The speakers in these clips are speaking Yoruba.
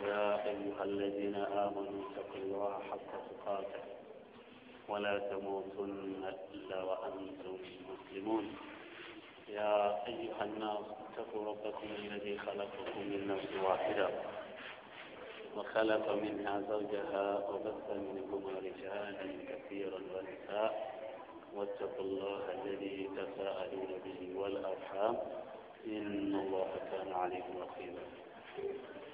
يا أيها الذين آمنوا اتقوا الله حق تقاته ولا تموتن إلا وأنتم مسلمون يا أيها الناس اتقوا ربكم الذي خلقكم من نفس واحدة وخلق منها زوجها وبث منكما رجالا كثيرا ونساء واتقوا الله الذي تساءلون به والأرحام إن الله كان عليكم رقيبا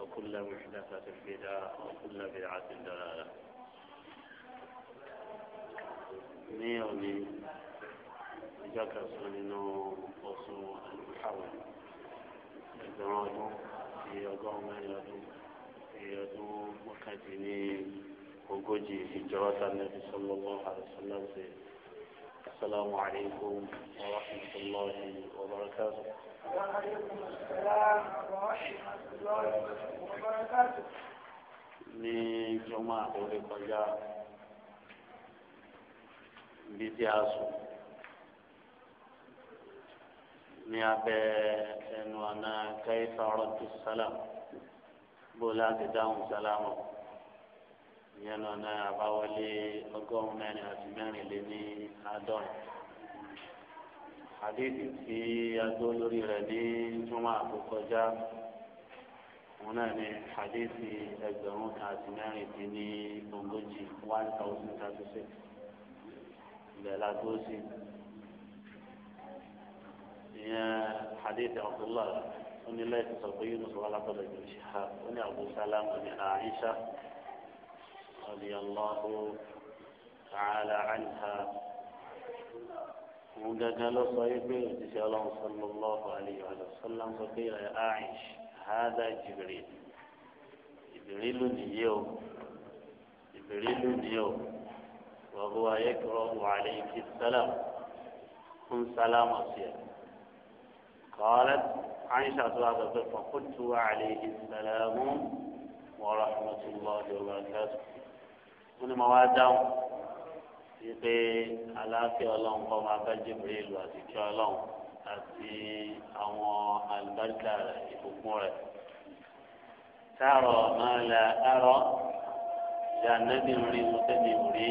وكل محدثة بدعة وكل بدعة دلالة نيو لي جاك سنينو وصو المحاول الدرانو في يوم من يدوم في يدوم وكاتيني وقجي في جراسة النبي صلى الله عليه وسلم السلام عليكم ورحمة الله وبركاته وعليكم السلام ورحمة الله وبركاته ní jọmọ àkọlé kọjá ibi tí a sùn ní abẹ́ ẹnu àná kẹfà rọtù sálàm bó láti dáhùn sálámù ìyẹn lọ́nà àbáwọlé ọgọ́rùn-ún mẹ́rin àti mẹ́rin lé ní àádọ́rin. àdéhùn tí a gbọ́ lórí rẹ̀ ní túmọ̀ àkókọjá wọn náà ní àdéhùn ẹgbẹ̀rún kan àti mẹ́rin dín ní ogójì one thousand thirty six ìbẹ̀ la tó sí. ìyẹn àdéhùn Abdullahi onílẹ̀ ìsọ̀kọ́ Yunus wà lápẹ̀lẹ̀ ìjọba ṣe ha ó ní Abu Salama ní Aisha. رضي الله تعالى عنها وقد قالوا صيبي الله صلى الله عليه وسلم فقيل يا عائش هذا جبريل جبريل اليوم جبريل اليوم وهو يكره عليك السلام كن سلام أصير قالت عائشة هذا فقلت عليه السلام ورحمة الله وبركاته wọn ni mo wá dáhùn sí pé aláfíà ọlọ́run kọ́ máa bá Jibril àti kí ọlọ́run àti àwọn àlùbáríkà rẹ̀ ìbùkún rẹ̀ sáàrọ̀ máa la àárọ̀ ìyá nẹ́bí rí mo tẹ́lẹ̀ rí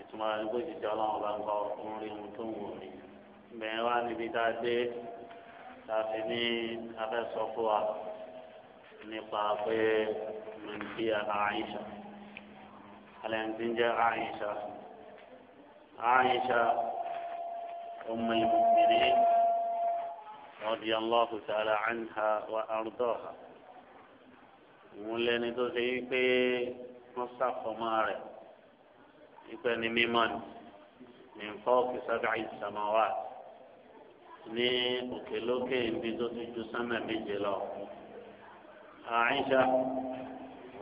ìtumọ̀ àdúgbò jíjẹ ọlọ́run bá ń kọ́ ọkùnrin rí ohun tó ń wò rí bẹ́ẹ̀ wá níbi tá a dé láti ní abẹ́ sọ fún wa nípa pé mẹ́ńtí àìsàn. الانسان جاء عائشة عائشة أم المؤمنين رضي الله تعالى عنها وأرضاها ولن تزيك مصطفى ماري يكون ممن من فوق سبع السماوات ní òkè lókè ibi tó ti ju sánmà méje lọ. Àìṣà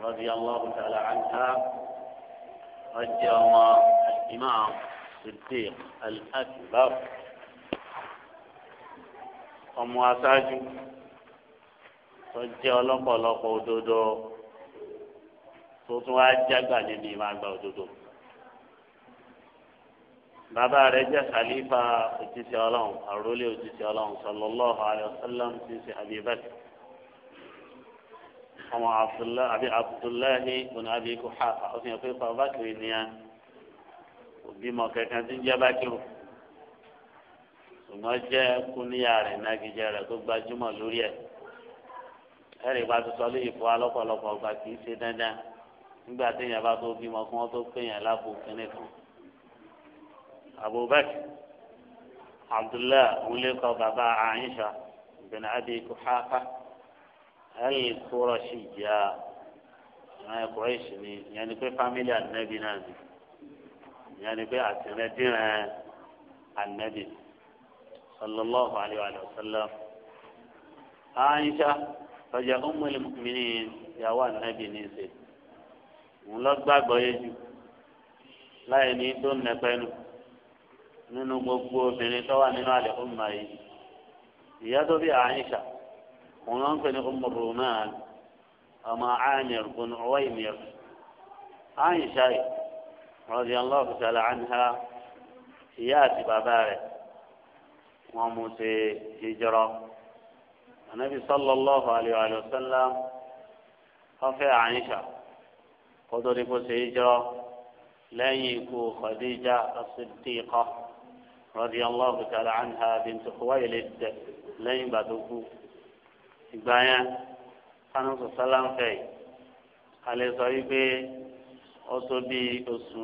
radiyallahu ọjọ́ ọmọ Imam Siddiq Al-Akbar ọmọ aṣáájú tó jẹ́ ọlọ́pọ̀lọpọ̀ òdodo tó tún wá jágbà nínú ìmọ̀ àgbà òdodo. bàbá rẹ̀ jẹ́ khalifa òjíṣẹ́ ọlọ́run àròlé òjíṣẹ́ ọlọ́run sallallahu alaihi wasallam ti ṣe Abi Bakr ọmọ abdullahi àbí abdullahi bùnú àbí kuhafa ó fi hàn pé pàbákiri ni a òbí mọ kankan tí ń jẹ́ bákiri ṣùgbọ́n jẹ́ kúníyà rẹ̀ nagijẹ rẹ̀ tó gbajúmọ̀ lórí ẹ̀ ẹ̀rì bá ti sọ lé ìfọ́ alọ́pọ̀lọpọ̀ ọgbà kì í ṣe dandan nígbà téèyàn bá tó bímọ kí wọ́n tó péyàn lábò kínní kan abubakar abdullahi òun kọ bàbá aisha bin abi kuhafa alukóròṣìjà àwọn ẹkùrẹ́ṣì ni ìyẹn ni pé fámílì ànẹ́bí náà ni ìyẹn ni pé àtìrẹ́dìrẹ́ ànẹ́bí sallallahu alayhi wa sallam. Aisha tọ́jà ummul mu'minin ìyàwó ànẹ́bí ní í ṣe ń lọ gbàgbọ́ yé jù láì ní tó nẹpẹ́nu nínú gbogbo obìnrin tó wà nínú àlẹ́ ọmọ yìí ìyá tó bí Aisha òun náà ń pè ní ọmọ roman ọmọ amir bùn ọwẹ́mir aisha radiyallahu ta'ala anha ìyá àti bàbá rẹ̀ wọ́n mú ṣe hijira anabi sallallahu alayhi wa sallam ọfẹ aisha kótó ni kò ṣe hijira lẹ́yìn ikú khadija as-siddiqa radiyallahu ta'ala anha bint khuwaylid lẹ́yìn gbàdúgbò ìgbà yẹn kánú sọ sáláńfẹ yìí alẹ́ sọ wípé ó tó bí oṣù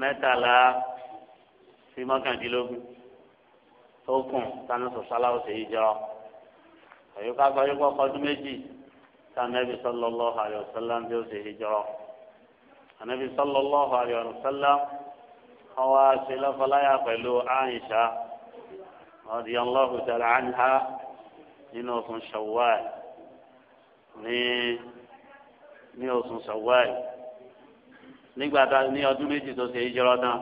mẹ́tàlá sí mọ́kàndínlógún tó kùn kánú sọ sáláńfẹ ṣe yìí jọ àyíká sọ wípé ọkọọdún méjì kánẹ́bí sallallahu alaihi wasallam bí ó ṣe yìí jọ ànẹ́bí sallallahu alaihi wasallam ọwọ́ àṣẹ lọ́fọláyà pẹ̀lú Àìṣà radiyallahu ta'ala anha nínú oṣù Shawwal ní ní oṣù Shawwal nígbà tá ní ọdún méjì tó ṣe ìjọra náà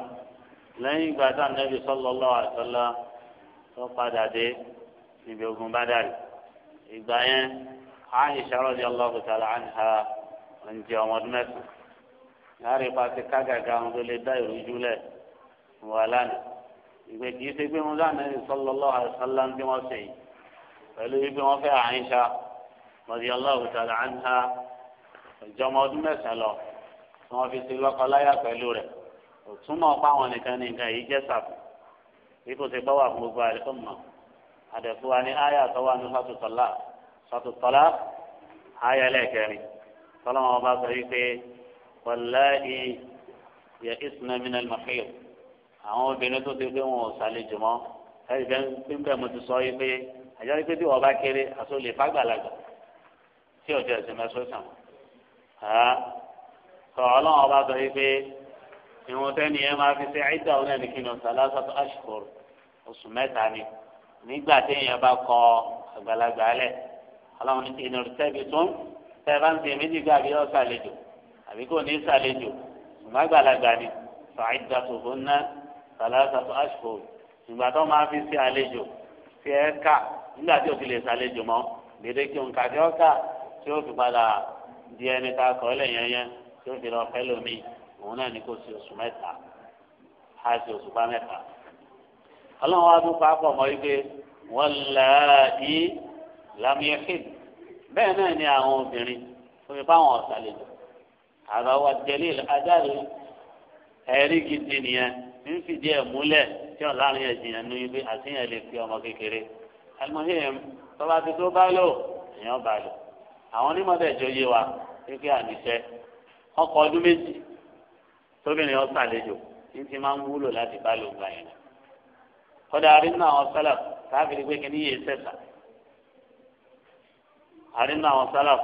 lẹ́yìn ìgbà tá nẹ́bí sallallahu alaihi wasallam tó padà dé níbi ogun Badari ìgbà yẹn Aisha radiyallahu ta'ala anha ń jẹ ọmọ ọdún mẹ́sàn-án láàrin ipa ti kágàgà àwọn tó lè dá ìrújú lẹ̀ wà lánàá ìgbẹ́ kìí ṣe gbé wọn lánàá sallallahu alaihi wasallam bí wọ́n ṣe yìí pẹ̀lú ibi wọn fẹ́ àyíṣà radiyallahu ta'ala anha ìjọmọ ọdún mẹ́sàn-án lọ tí wọ́n fi ti lọ́kọ-láyà pẹ̀lú rẹ̀ òtúmọ̀ páwọn nìkan nìkan yìí jẹ́ sàfù bí kò ti gbọ́ wà fún gbogbo àlẹ́ ọmọ àdẹ̀fúwa ní àyà tó wà ní sátútọ́lá sátútọ́lá àyà ẹlẹ́kẹrin tọ́lọ́mọ bá sọ wípé wàláhì yẹ ìsúná mi náà lọ́kìlì àwọn obìnrin tó ti gbé wọn ò sàlejò mọ́ ẹ̀ àjọ ní pé bí wọn bá kéré àti olè fàgbàlagbà tí ọjọ́ ẹsẹ máa sọ sàn sọ Ọlọ́run ọba sọ yìí pé ìwọn tẹni ẹ máa fi ṣe ẹdá òun ẹni kí ni ọsàn lásàtọ àṣùkòrò oṣù mẹ́ta ni nígbà téèyàn bá kọ àgbàlagbà lẹ Ọlọ́run ní ìnà tẹbi tó ń tẹ bá ń ṣe méjì gbà bí ọsàn àlejò àbí kò ní sàlejò ṣùgbọ́n àgbàlagbà ni fàáìdà tòbó ná sàlásàtọ àṣùkòrò ìgbà tó máa fi ṣe àlejò fi ẹ ká nígbà tí o ti lè ṣàlejò mọ́ gbèdéke nǹkan tí ó ká tí ó fi padà di ẹni tá a kọ́ lẹ́yìn ẹyẹ tí ó fi lọ fẹ́ lómi òun náà ní kò sí oṣù mẹ́ta á sí oṣù bá mẹ́ta. ọlọ́run wa dún pápọ̀ mọ́ wípé wọ́n là yí lámìẹ́kìn bẹ́ẹ̀ náà ni àwọn obìnrin tó fi báwọn ọ̀ṣàlejò àbáwá jẹ́lẹ̀ ajáde ẹ̀rí gidi nìyẹn ń fìdí ẹ̀ múlẹ̀ tí ọ̀la rìn ẹ̀jìyàn nu ibi àtìyàn lè fi ọmọ kékeré alimohim tọ́ba ti tó bá lò èèyàn bá lò àwọn onímọ̀tẹ́jọ́ yé wa pé àníṣe ọkọ ọdún méjì tóbìnrin ọ̀sàlejò ní ti máa ń wúlò láti bá lò gbà yẹn kọ́dà arínú àwọn sálà káfíìrì pé kíní yé sẹ́sà arínú àwọn sálà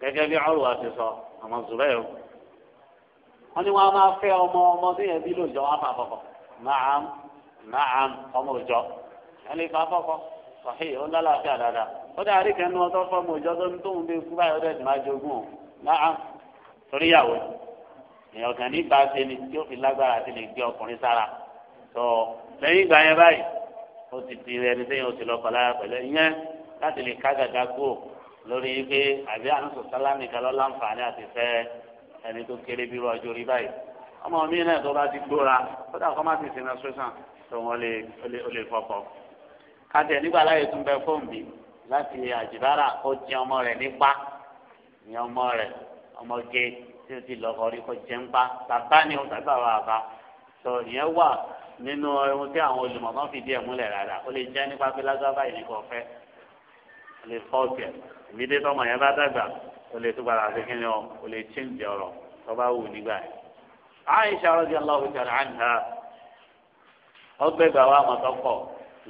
gẹ́gẹ́ bí ọ̀rùn àti sọ àwọn zùbẹ́rù wọ́n ní wọ́n á máa fẹ́ ọmọ ọmọ tó yẹ bí lòjọ́ wọn á máa fọkàn naam naam ọmọ òjọ ẹni kan fọkọ sọhí ọlọ́láfíà dáadáa ó dá àríkẹ́ ní ọtọ́ fọmọ òjọ tó ń tóun bí ikú báyọ̀ dẹ̀ máa jogún o naam toríyàwó èèyàn kan nígbà ṣe ni tí ó fi lágbára àti lè gbé ọkùnrin sára tó lẹ́yìn ìgbà yẹn báyìí ó ti di ẹni tẹ́yìn ó ti lọ́kọ̀ láyà pẹ̀lú ìyẹn láti lè ká gàgà kúrò lórí pé àbí àánú sọ̀tálá nìkan lọ́la ń fà àti fẹ́ ẹni tó kéré bí wọ́n ajórí báyìí ọmọ mi náà tó bá ti gbóra kódà kó má ti sin lọ sọ́sàn tó wọn lè fọkọ. kàtẹ́ nígbà láyé tún bẹ fóònù mi láti àjìbára kó jẹ ọmọ rẹ̀ nípa ní ọmọ rẹ̀ ọmọge tí o ti lọ́kọ̀ rí kó jẹ nípa bàbá ni o tàbí àwọn àbá tó ìyẹn wà nínú ohun tí àwọn olùmọ̀tán fi díẹ̀ múlẹ̀ rárá ó lè jẹ́ nípa pé lágbábá yìí kò fẹ́ ó lè fọ́ ọ̀kẹ́ ìmídé tọmọ yẹn bá dàgbà ó lè tó gbàdá sí kí ni ó lè chíǹdì ọ̀rọ̀ tó bá wù nígbà yẹn. aisha radiyallahu ta'ala anha ọgbẹ gàwa àmọtọkọ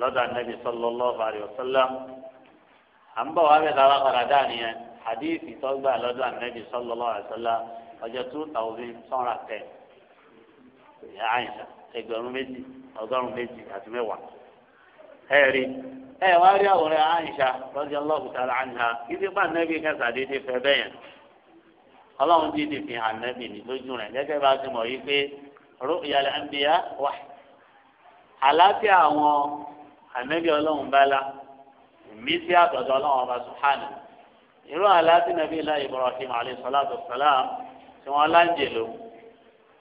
lọ́dọ̀ anabi sallallahu alayhi wa à ń na wá bẹ́ẹ̀ dáwà padà nìyẹn hadithi tọgbà lọ́dọ̀ anabi sallallahu alayhi wa sallam ọjọ́ aisha méjì méjì àti ẹ wá rí àwòrán aisha kí anabi bẹyẹn. ọlọ́run dídì fi hàn nẹ́bì ní lójú rẹ̀ gẹ́gẹ́ bá a ti mọ̀ yí pé ru'yal anbiya wahyi àlàáfíà àwọn ànẹ́bí ọlọ́run bala mí sí àtọ̀dọ̀ ọlọ́run ọba subhanahu irú àlàáfíà nàbí ilá Ibrahim alayhi salatu wassalam tí wọ́n láǹjẹ̀ lò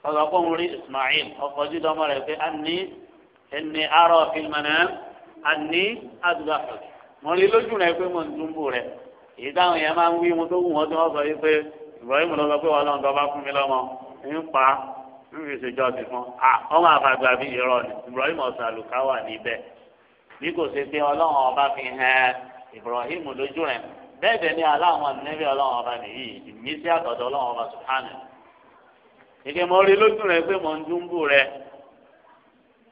ọ̀sọ̀ pé òun rí Ismail ọkọ̀ jíjọ ọmọ rẹ̀ pé anni inni ara fil manam anni adúgbàfọ̀ ìbọ̀wé mu ló sọ pé wọn lọ́n dọ́ba fún mi lọ́mọ ń pa ń fi ṣèjọ́ sí fún à ọmọ àfàgbà bí irọ́ ni ìbọ̀wé mu ọ̀sán àlùkà wà níbẹ̀ bí kò ṣe pé ọlọ́run ọba fi hàn Ibrahim lójú rẹ̀ bẹ́ẹ̀ bẹ́ẹ̀ ni aláwọn nẹ́bí ọlọ́run ọba nìyí ìmísí àtọ̀dọ̀ ọlọ́run ọba subhanahu ìgbẹ́ mọ rí lójú rẹ̀ pé mọ ń dúnbù rẹ̀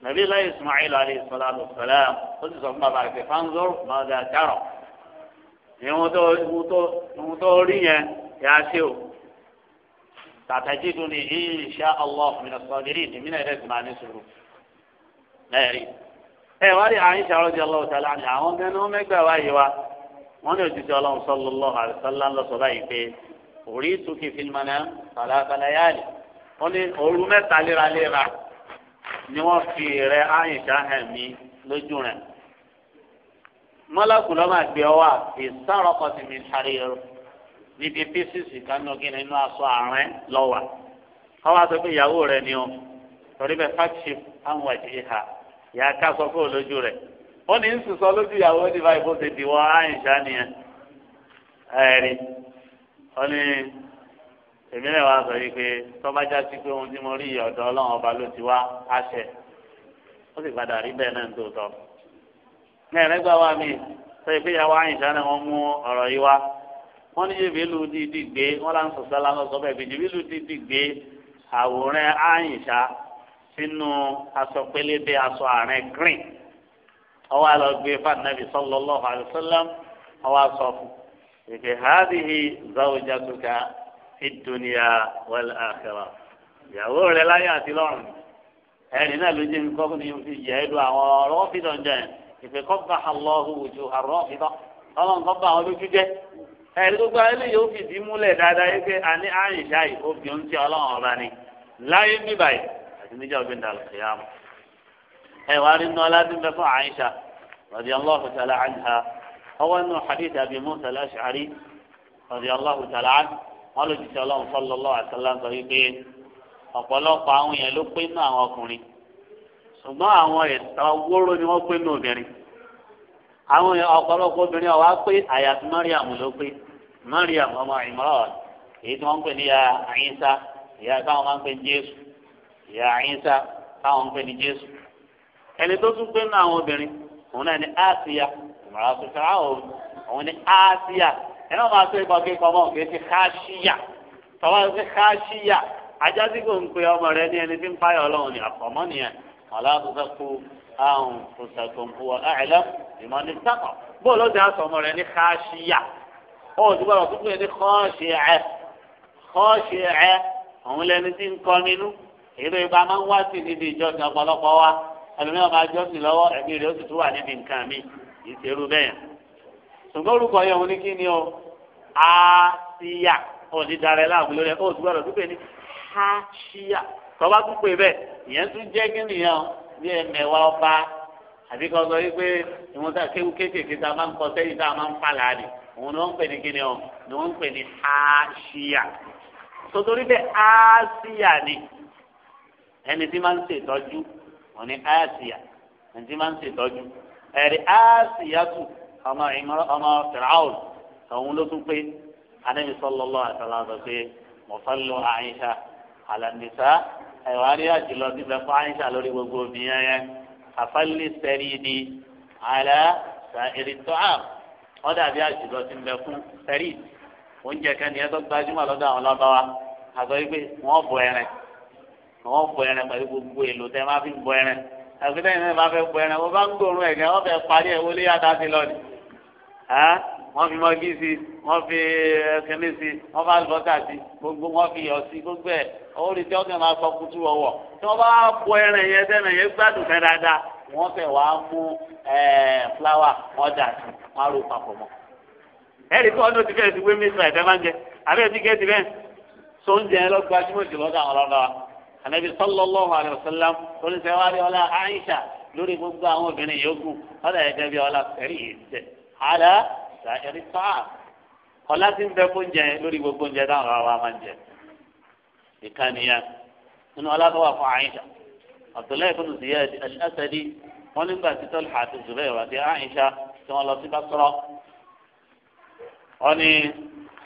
nàbí láyé Ismail alayhi salatu yàtí o tàtàjì dùn ní insha allah mi náà sọ̀rọ̀ nílì ìdìmí náà ẹ̀rẹ́sì máa ní sùúrù lẹ́ẹ̀rí. ẹ wá rí àyíṣà rọ́jì ọlọ́wọ́ tàlá ni àwọn gẹ́nu mẹ́gbà wáyé wa wọ́n ní òjijì ọlọ́run sallallahu alaihi wasallam lọ́sọ̀ báyìí pé orí tukì fílmọ̀nà kàlàkàlà yáàlì wọ́n ní òru mẹ́ta léraléra ni wọ́n fi rẹ àyíṣà hàn mí lójú rẹ̀ mọ́lákùlọ́ máa gbé ọ wá ìsárọ̀kọ̀ sí mi ṣàríyọ̀rọ̀ níbi písìsì kánú kí nínú aṣọ àárín lọ́wà káwá sọ pé ìyàwó rẹ ni o torí bẹ fáṣí àwọn àjèjì ha ìyá ká sọ fún olójú rẹ ó ní ń sùsọ lójú ìyàwó ní báyìí bó ti dìwọ àyìnṣá nìyẹn ẹ̀rí ó ní èmi náà wá sọ yìí pé tọ́ba já sí pé ohun tí mo rí ọ̀dọ̀ ọlọ́run ọba ló ti wá àṣẹ ó sì padà rí bẹ́ẹ̀ náà ń tó tọ́ ní ẹ̀rẹ́gbà wa mi sọ ìgbéyàwó àyìnṣá náà wọ́n mú ọ̀rọ̀ yìí wá wọ́n ní jìbìlù dídì gbé wọ́n lá ń sọ sálá lọ́sọ bẹ́ẹ̀ bí jìbìlù dídì gbé àwòrán àyìnṣá sínú aṣọ pélébé aṣọ àárín green ọwọ́ àlọ́ gbé fànàbì sallallahu alaihi wasallam ọwọ́ àṣọ fún ìfẹ́ hàdìhì zawjatuka fid dunya wal akhirah ìyàwó rẹ̀ láyé àti lọ́run ẹni náà ló jẹ́ nǹkan ní fi jẹ́ ẹ́ lu àwọn rọ́ọ̀fì dọ̀njẹ́ ìfẹ́ kọ́ bá àlọ́ òwòjò àrọ́ọ̀fì dọ̀ ọlọ́run kọ́ bá àwọn lójú jẹ́ ẹ̀rí gbogbo ayé yóò fìdí múlẹ̀ dáadáa yìí pé àní àyìnṣá yìí ó fi oúnjẹ ọlọ́run ọba ni láyé bí báyìí àti níjà òbí ń dàlọ́ ìyá mu. ẹ wàá rí iná aládùn bẹ fún àyìnṣá radiyallahu ta'ala anha ọwọ́ inú hadith Abi Musa al-Ash'ari radiyallahu ta'ala anhu wọn ló jìṣẹ́ ọlọ́run sallallahu alaihi wasallam sọ wípé ọ̀pọ̀lọpọ̀ àwọn yẹn ló pé inú àwọn ọkùnrin àwọn ọ̀pọ̀lọpọ̀ obìnrin ọ̀wá pé àyàfi mariam ló pé mariam ọmọ Imran èyí tí wọ́n ń pè ní ya àyínsá ìyá táwọn máa ń pè ní jésù ìyá àyínsá táwọn ń pè ní jésù ẹni tó tún pé nínú àwọn obìnrin òun náà ni áàsìyà ìmọ̀ràn tó fẹ́ràn òun òun ni áàsìyà ẹni wọn máa tó ipa kí pamọ́ kì í ti káṣíyà tọ́wọ́ ti káṣíyà ajá ń pe ọmọ rẹ ní ẹni tí ń páyọ̀ ọlọ́run ni àpọ̀mọ́ nìyẹn ọ̀lá tó kú أنفسكم هو أعلم بمن اتقى بولو ده سمر يعني خاشية أو تقول تقول يعني خاشعة خاشعة هم لأن تين كامينو إذا يبقى من واسي ندي جوز أبلغ قوا ẹlòmíràn máa jọ́ sí lọ́wọ́ ẹ̀mí rẹ̀ ó sì tún wà níbi nǹkan mi kì í ṣe irú bẹ́ẹ̀. ṣùgbọ́n orúkọ yẹn òun ní kí ni o aṣíyà òní darẹ̀ láàmú lórí ẹ̀ ó ti gbọ́dọ̀ tún pè ní aṣíyà tọ́ba tún pè bẹ́ẹ̀ ìyẹn tún jẹ́ kí nìyẹn o bí ẹ̀mẹ̀wá ọba àbí kan sọ wípé ìwọ̀n tá kéwu kéékèèké tá a máa ń kọ sẹ́yìn tá a máa ń fà láàrin òun ni wọ́n ń pè ní kíni ọ̀ ni wọ́n ń pè ní aṣíà sotori bẹ́ẹ̀ aṣíà ni ẹni tí máa ń ṣètọ́jú òun ni aṣíà ẹni tí máa ń ṣètọ́jú ẹ̀rí aṣíà tù ọmọ ìmọ̀ràn ọmọ fìràwùn òun ló tún pé anábì sallallahu alaihi wasallam pé mọ̀fálù àyíṣà àlàndísà ẹ̀wà rí àjùlọ níbẹ̀ fún àyíṣà lórí gbogbo obìnrin yẹn àfẹ́lẹ́ sẹ́rí ni àlẹ́ èrè tó à wọ́n dàbí àjùlọ ti ń bẹ fún sẹ́rí oúnjẹ kẹ́ni ẹ tó gbajúmọ̀ lọ́dọ̀ àwọn lọ́bàwá àgọ́ yìí pé wọ́n bọ ẹran wọ́n bọ ẹran pẹ̀lú gbogbo èlò tẹ́ máa fi bọ ẹran àgbẹ̀dẹ́yìn náà bá fẹ́ bọ ẹran wọ́n bá ń gbòòrùn ẹ̀gẹ́ wọ́n fẹ́ parí ẹ̀ wọlé yàtá sí lọ́ọ̀dì wọ́n fi mọ́gí sí wọ́n fi ẹ̀kẹ́ni eh, sí wọ́n fi àlùbọ́sà sí gbogbo wọ́n fi iyọ̀ sí gbogbo ẹ̀ owó ni tí wọ́n máa sọ kutu ọwọ́ tí wọ́n bá bọ ẹran yẹn sẹ́nu yẹn gbádùn fẹ́ dáadáa wọ́n fẹ́ wàá mú eh, fúláwà wọ́n dà sí wọ́n á rò papọ̀ mọ́. ẹ̀rí tí wọ́n ní o ti fẹ́ẹ́ ti wé mísírà ẹ̀fẹ́ máa ń jẹ àbẹ́ ẹ̀fí kẹ́ẹ́ ti fẹ́ sóúnjẹ ẹ lọ́gbàjúmọ̀ jùlọ dáhùn ọlọ́dọ̀ wa ànábi sallallahu alaihi wasallam oníṣẹ́wárí ọlá Aisha àṣà ẹni fáà ọlá ti ń bẹ fóúnjẹ lórí gbogbo oúnjẹ táwọn ará wa máa ń jẹ ìkànnìyà nínú ọlá tó wà fún àyíṣà Abdullahi ibn Ziyad al-Asadi wọn nígbà tí tọ́lá àti Zubair àti àyíṣà tí wọ́n lọ sí Basra wọn ni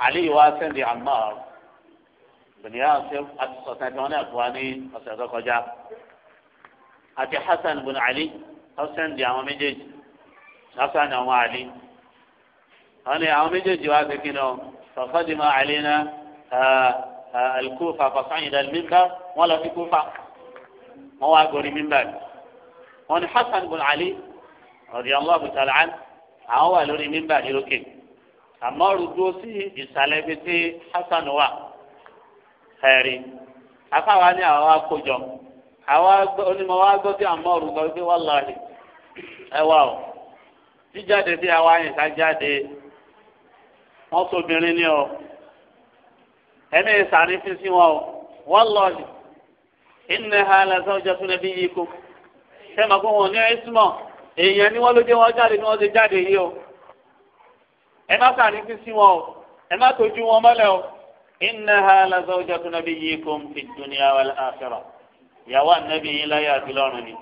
Aliyu wa sẹ́ndì Ammar bìnìyà àti sọ̀tàn tí wọ́n ní àbúwá ní ọ̀sẹ̀ tó kọjá àti Hasan ibn Ali ọ̀sẹ̀ ń di àwọn méjèèjì Hasan àwọn Ali wọn ni àwọn méjèèjì wá sí kíni ọ fàfàdìmọ àlẹnà alikufa fàfàyìndà mímbà wọn lọ sí kúfà wọn wá gorí mímbà wọn ni hasan bin ali radiyallahu ta'ala an àwọn wà lórí mímbà ní lókè àmọ́ rúdúró sí ìsàlẹ̀ bíi tí hasan wà ẹ̀rí afáwa ni àwọn akójọ àwọn onímọ̀ wa gbọ́ bí àmọ́ rúdúró pé wọ́n lọ ẹ wá o jíjáde sí àwọn àyìnká jáde wọ́n sóbìnrin ni ọ ẹ̀mí sàrí fi sí wọn o wọ́n lọ ni ìnà ha lásán ọjọ́ fún ẹbí yìí kú ṣé màá kó wọn ní ẹ̀sùmọ̀ èèyàn ni wọ́n ló dé wọn jáde ni wọ́n ti jáde yìí o ẹ má sàrí fi sí wọn o ẹ má tójú wọn mọ́lẹ̀ o ìnà ha lásán ọjọ́ fún ẹbí yìí kú fi dunya wal akhirah ìyàwó ànábì yìí láyé àti ni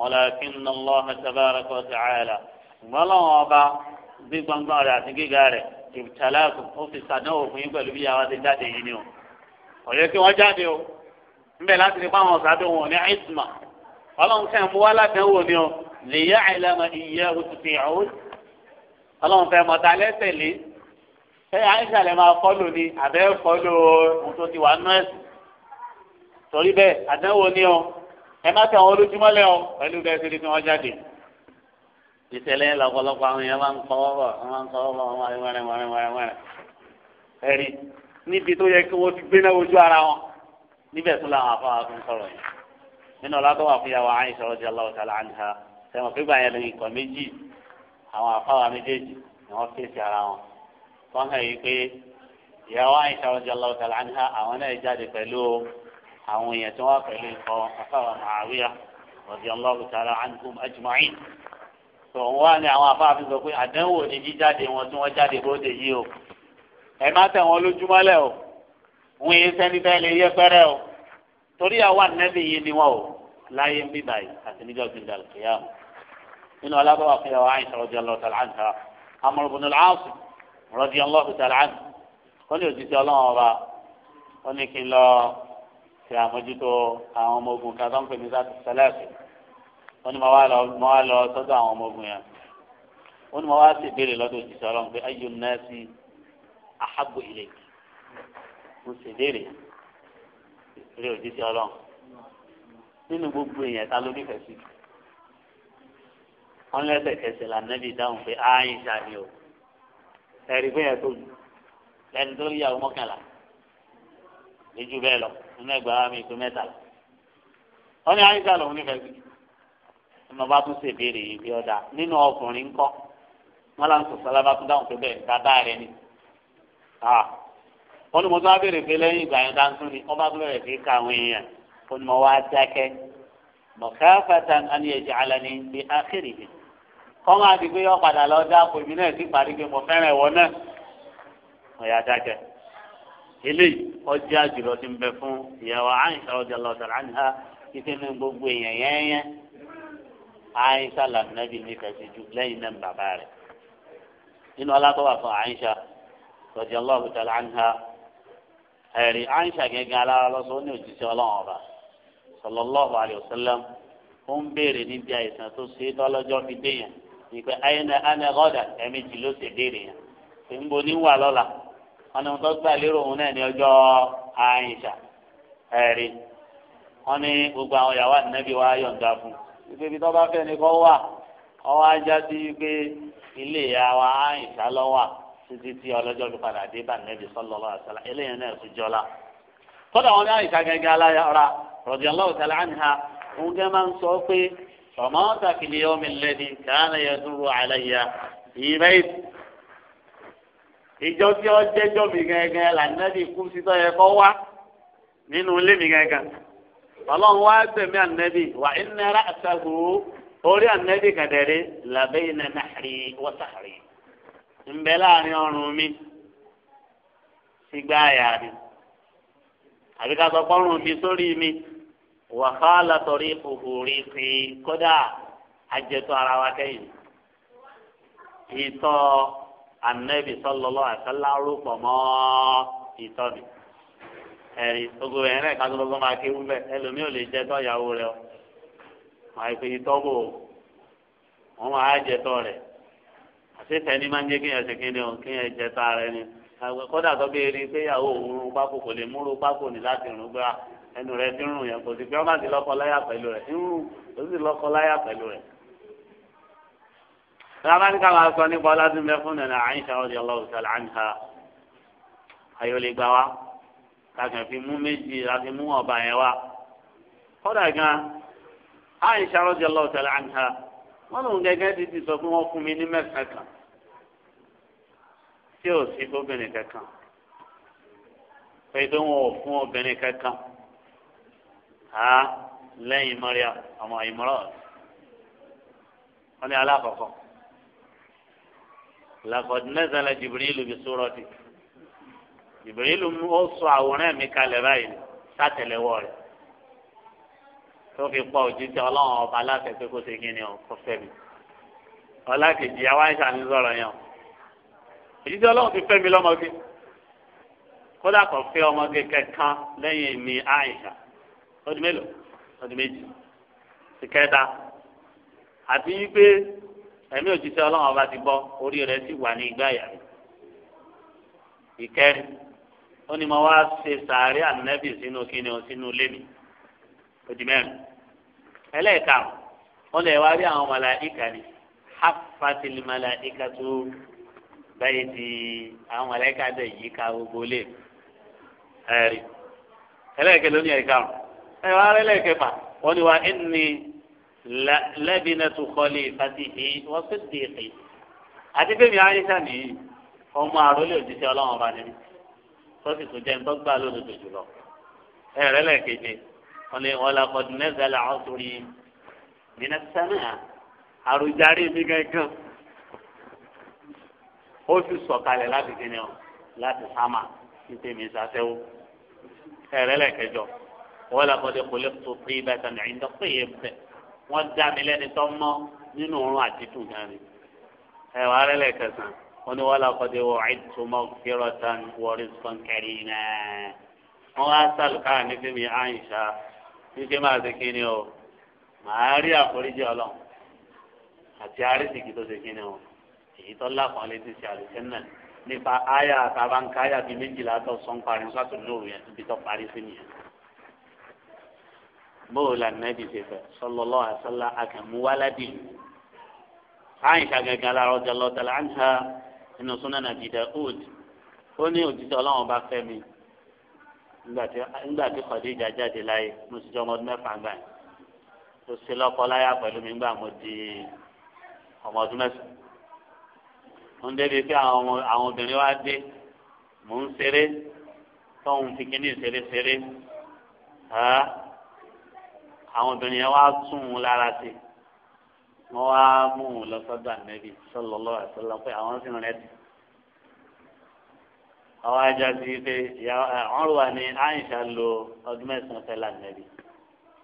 walakinna Allah tabaraka wa ta'ala ṣùgbọ́n lọ́wọ́ ọba bí gbọ́ngbọ́n rẹ̀ àti gíga rẹ̀ ìbùtàláàkù ó fi sàdánwò fún yín pẹ̀lú bí yàrá ti jáde yìí ni o kò yẹ kí wọ́n jáde o ńbẹ̀ láti rí fáwọn ọ̀sán tó wọ̀ ní àìsùnmà ọlọ́run fẹ́ mú wá ládánwò ni o lè yá àìlànà ìyẹ́ oṣù fi àwọn ọlọ́run fẹ́ mọ̀ta lẹ́sẹ̀lé ṣé àìsàn lè máa fọ́lò ni àbẹ́ fọ́lò ohun tó ti wà nú ẹ̀sìn torí bẹ́ẹ̀ àdánwò ni o ẹ má tẹ àwọn olójúmọ́lẹ̀ o pẹ̀lú bẹ́ẹ̀ ṣe ni wọ́n jáde ìṣẹ̀lẹ̀ lọ́pọ̀lọpọ̀ àwọn èèyàn máa ń kọ́wọ́ bọ̀ wọ́n máa ń kọ́wọ́ bọ̀ wọ́n máa ń wẹ́rẹ́ wẹ́rẹ́ wẹ́rẹ́ wẹ́rẹ́ ẹ̀rí níbi tó yẹ kí wọ́n ti gbéná ojú ara wọn níbẹ̀ tún làwọn afáwọn fi ń sọ̀rọ̀ yìí nínú ọlọ́dọ̀ wà fún yàwó Àìṣà radiyallahu ta'ala anha sẹ́wọ̀n pípa yẹn lè kọ́ méjì àwọn afáwọn méjèèjì ni wọ́n fèsì ara wọn wọ́n hàn yìí pé yàwó Àìṣà radiyallahu ta'ala anha àwọn náà jáde pẹ̀lú àwọn èèyàn tí wọ́n pẹ̀lú ikọ̀ afáwọn Muawiya radiyallahu ta'ala anhum ajma'in sọ̀rọ̀ wá ní àwọn afáàfin sọ pé àdánwò ni jíjáde wọn tí wọ́n jáde bóde yìí o ẹ má tẹ̀ wọ́n lójúmọ́lẹ̀ o wọn yé sẹ́ni fẹ́ lè yẹpẹrẹ o torí àwa nẹ́bí yìí ni wọn o láyé ń bí báyìí àti níjọ́ gbìndà kìyà o nínú alábàwà fún yàrá àyìnṣà radiyallahu ta'ala anha Amr ibn al-As radiyallahu ta'ala anhu wọ́n ní òjijì ọlọ́run ọba wọ́n ní kí n lọ ṣe àmójútó àwọn ọmọ ogun kan tó ń pè ní sálẹ́sì wọ́n ní mo wá lọ sọ́dọ̀ àwọn ọmọ ogun yẹn wọ́n ní mo wá sì béèrè lọ́dọ̀ òṣìṣẹ́ ọlọ́run pé ayé ọ̀nà sí ahabbu ilayki mo sì béèrè rí òṣìṣẹ́ ọlọ́run nínú gbogbo èèyàn ta ló nífẹ̀ẹ́ sí wọ́n lẹ́sẹ̀kẹsẹ̀ lànàbì dáhùn pé Àìṣà ni o ẹ̀rí pé yẹn tó lù lẹ́ni tó rí ìyàwó mọ́kànlá lójú bẹ́ẹ̀ lọ nínú ẹgbàá mi pé mẹ́tàlá wọ́n ní Àìṣà lòun ní ọba tún ṣe yìí bí ọ̀dà nínú ọkùnrin ńkọ́ wọn là ń sọ sọlá bá tún dáhùn pé bẹ́ẹ̀ bàbá rẹ ni wọn ni mo tún wá béèrè pé lẹ́yìn ìgbà yẹn ni ọba tún bẹ̀rẹ̀ sí ká àwọn èèyàn mo wá àni alani bí yìí máa di pé lọ náà parí pé mo fẹ́ràn àyíṣà lànàbí nífẹ̀ẹ́ sí ju lẹ́yìn náà bàbá rẹ̀ nínú alátọ́wà fún àyíṣà radiyallahu ta'ala anha ẹ̀rí àyíṣà gẹ́gẹ́ alára lọ́sọ̀ ní ọba sallallahu alayhi ó ń béèrè níbi àìsàn tó ṣe é fi dé yẹn ní pé ló ṣe yẹn pé ń bo gbà lérò òun náà ní ọjọ́ gbogbo àwọn yàrá wípé ibi tó bá fẹ́ ni kọ́ wà ọwọ́ ajá sí wípé ilé ìyá wa àìsà lọ́wà títí tí ọlọ́jọ́ fi padà dé bá nẹ́bí sallallahu alaihi wasallam eléyìí náà tún jọlá. kódà wọn ní àìsà gẹ́gẹ́ alára radiyallahu ta'ala anha òun gẹ́ máa ń sọ pé ọmọọta kìlì ọmọ ìlẹ́ni kana yaduru alayya ìrẹ́ ìjọ tí ó jẹ́jọ́ mi gẹ́gẹ́ là nẹ́bí kú sí tọ́ yẹ kọ́ wá nínú ilé mi gẹ́gẹ́ ọlọ́run wá gbẹ̀mí ànẹ́bí wà ìnira àtàkù orí ànẹ́bí kàdẹ́rẹ́ làbẹ́ iná nàárí wọ́sàárì ńbẹ láàrin ọrùn mi sígbà àyà mi àbí ká sọ pọ́nrún mi sórí mi wàhálà torí òhùrí fi kódà àjẹtò ara wa kẹ́yìn ìtọ́ ànẹ́bí sọlọ́lọ́ àtàlárúpọ̀ mọ́ ìtọ́ mi. ẹ̀rí gbogbo yẹn náà kátó gbogbo máa kéwú bẹ́ẹ̀ ẹlòmíì ò lè jẹ́ tọ́ rẹ o máa fi itọ́ bò wọ́n máa jẹ tọ́ rẹ̀ ni máa ń jẹ́ o jẹ ẹni kódà tó bí eré pé ìyàwó òun rún pákó kò lè mú rún ti rún yẹn kò lọ́kọ láyà pẹ̀lú rẹ̀ sì lọ́kọ láyà pẹ̀lú rẹ̀. sọ nípa ọlá tí láti fi mú méjì láti mú ọba yẹn wá kódà gan Aisha radiyallahu ta'ala anha wọn lòun gẹ́gẹ́ títí sọ pé wọn fún mi ní mẹ́sàn kan tí ò sí fóbìnrin kankan pé pé wọn ò fún obìnrin kankan á lẹ́yìn Maryam ọmọ Imran wọn ní alákọ̀ọ́kọ́ laqad nazala Jibrilu bi surati. Jibril mú ó sọ àwòrán mi kalẹ̀ báyìí sátẹ̀lẹ́wọ́ rẹ̀ tó fi pọ̀ òjíṣẹ́ ọlọ́run ọba láti pé kó ṣe kí ni kó fẹ́ mi ọlákejì àwa ń ṣàní sọ̀rọ̀ yẹn òjíṣẹ́ ọlọ́run ti fẹ́ mi lọ́mọge kódà kò fẹ́ ọmọge kẹkan lẹ́yìn mi àìsà ọdún mélòó ọdún méjì ti kẹta àti wípé ẹ̀mí òjíṣẹ́ ọlọ́run ọba ti bọ́ orí rẹ̀ sì wà ní ìgbà yàrá ìkẹrin ó ní mo wá ṣe sàárẹ̀ ànábì sínú kíni o sínú ilé mi òdì mẹ́rin ẹlẹ́ẹ̀ka ó lè wá rí àwọn màláíkà ni hafatil màláíkà tó báyìí ti àwọn màláíkà dẹ̀ yí ká gbogbo lé ẹ̀rí ẹlẹ́ẹ̀kẹ́ ló ní ẹ̀ka ẹ̀ wá rẹ́ lẹ́ẹ̀kẹfà wọ́n ní wa ẹni lẹ́bìnẹ́tù kọ́lé fatihi wọ́n sì dèkè àti fẹ́mi àyíṣà nìyí ọmọ àrólé òjíṣẹ́ ọlọ́run ọba nìyí tó sì tún jẹ́ ń tọ́gbà lódodo jùlọ ẹ̀rẹ́ lẹ́ẹ̀keje wọn lè wọn làkọ́ nẹ́ẹ̀sẹ̀ làwọn sórí nínú sẹ́nà àrùjárí mi gángan ó sì sọ̀kalẹ̀ láti kíni ọ láti sámà títí mi sàtẹ́wó ẹ̀rẹ́ lẹ́ẹ̀kẹjọ wọn làkọ́ de kòlẹ́ tó pé bàtà ní ìdá pé yẹ bẹ wọn dá mi lẹ́ni tó mọ́ nínú òórùn àti tùgánni ẹ̀wọ̀n arẹ́lẹ̀kẹsàn-án wọn ni wọn là kọ́dé wọ ẹ̀tùmọ̀ fírọ̀tàn wọ̀rí sọ̀nkẹ́rì náà wọn wá sàlùkà ní fíìmù àyìnṣá wípé máa ṣe kíni o màá rí àforíjì ọlọ́run àti àrísìkì tó ṣe kíni o èyí tó lápọn létí ṣe àlùkẹ́ náà nípa àyà àtàbánká àyà bíi méjìlá tó sọ ń parí sọ́tò lóru yẹn níbi tó parí sí nìyẹn. bóòlù ànábì ṣe fẹ́ sallallahu alaihi wasallam akẹmúwáládì àyìnṣá gẹ́gẹ́ alára ọjà lọtàlá nínú súnà nàbìdà old ó ní òjíṣẹ́ Ọlọ́run bá fẹ́ mi nígbà tí Khadija jáde láyé mo sì jọ ọmọ ọdún mẹ́fà gbà yẹn ó ṣe lọ́kọ láyà pẹ̀lú mi nígbà mo di ọmọ ọdún mẹ́sàn án ń débi pé àwọn obìnrin wá dé mò ń ṣeré tóun fi kíní ṣeré ṣeré àwọn obìnrin yẹn wá tún un lára sí i wọ́n wá mú un lọ sọ́dọ̀ ànẹ́bí sallallahu alaihi wasallam pé àwọn sì rẹ̀ dì. àwọn ajá sí pé wọ́n rò wá ní àyìnṣà lo ọdún mẹ́sàn-án pẹ̀lú ànẹ́bí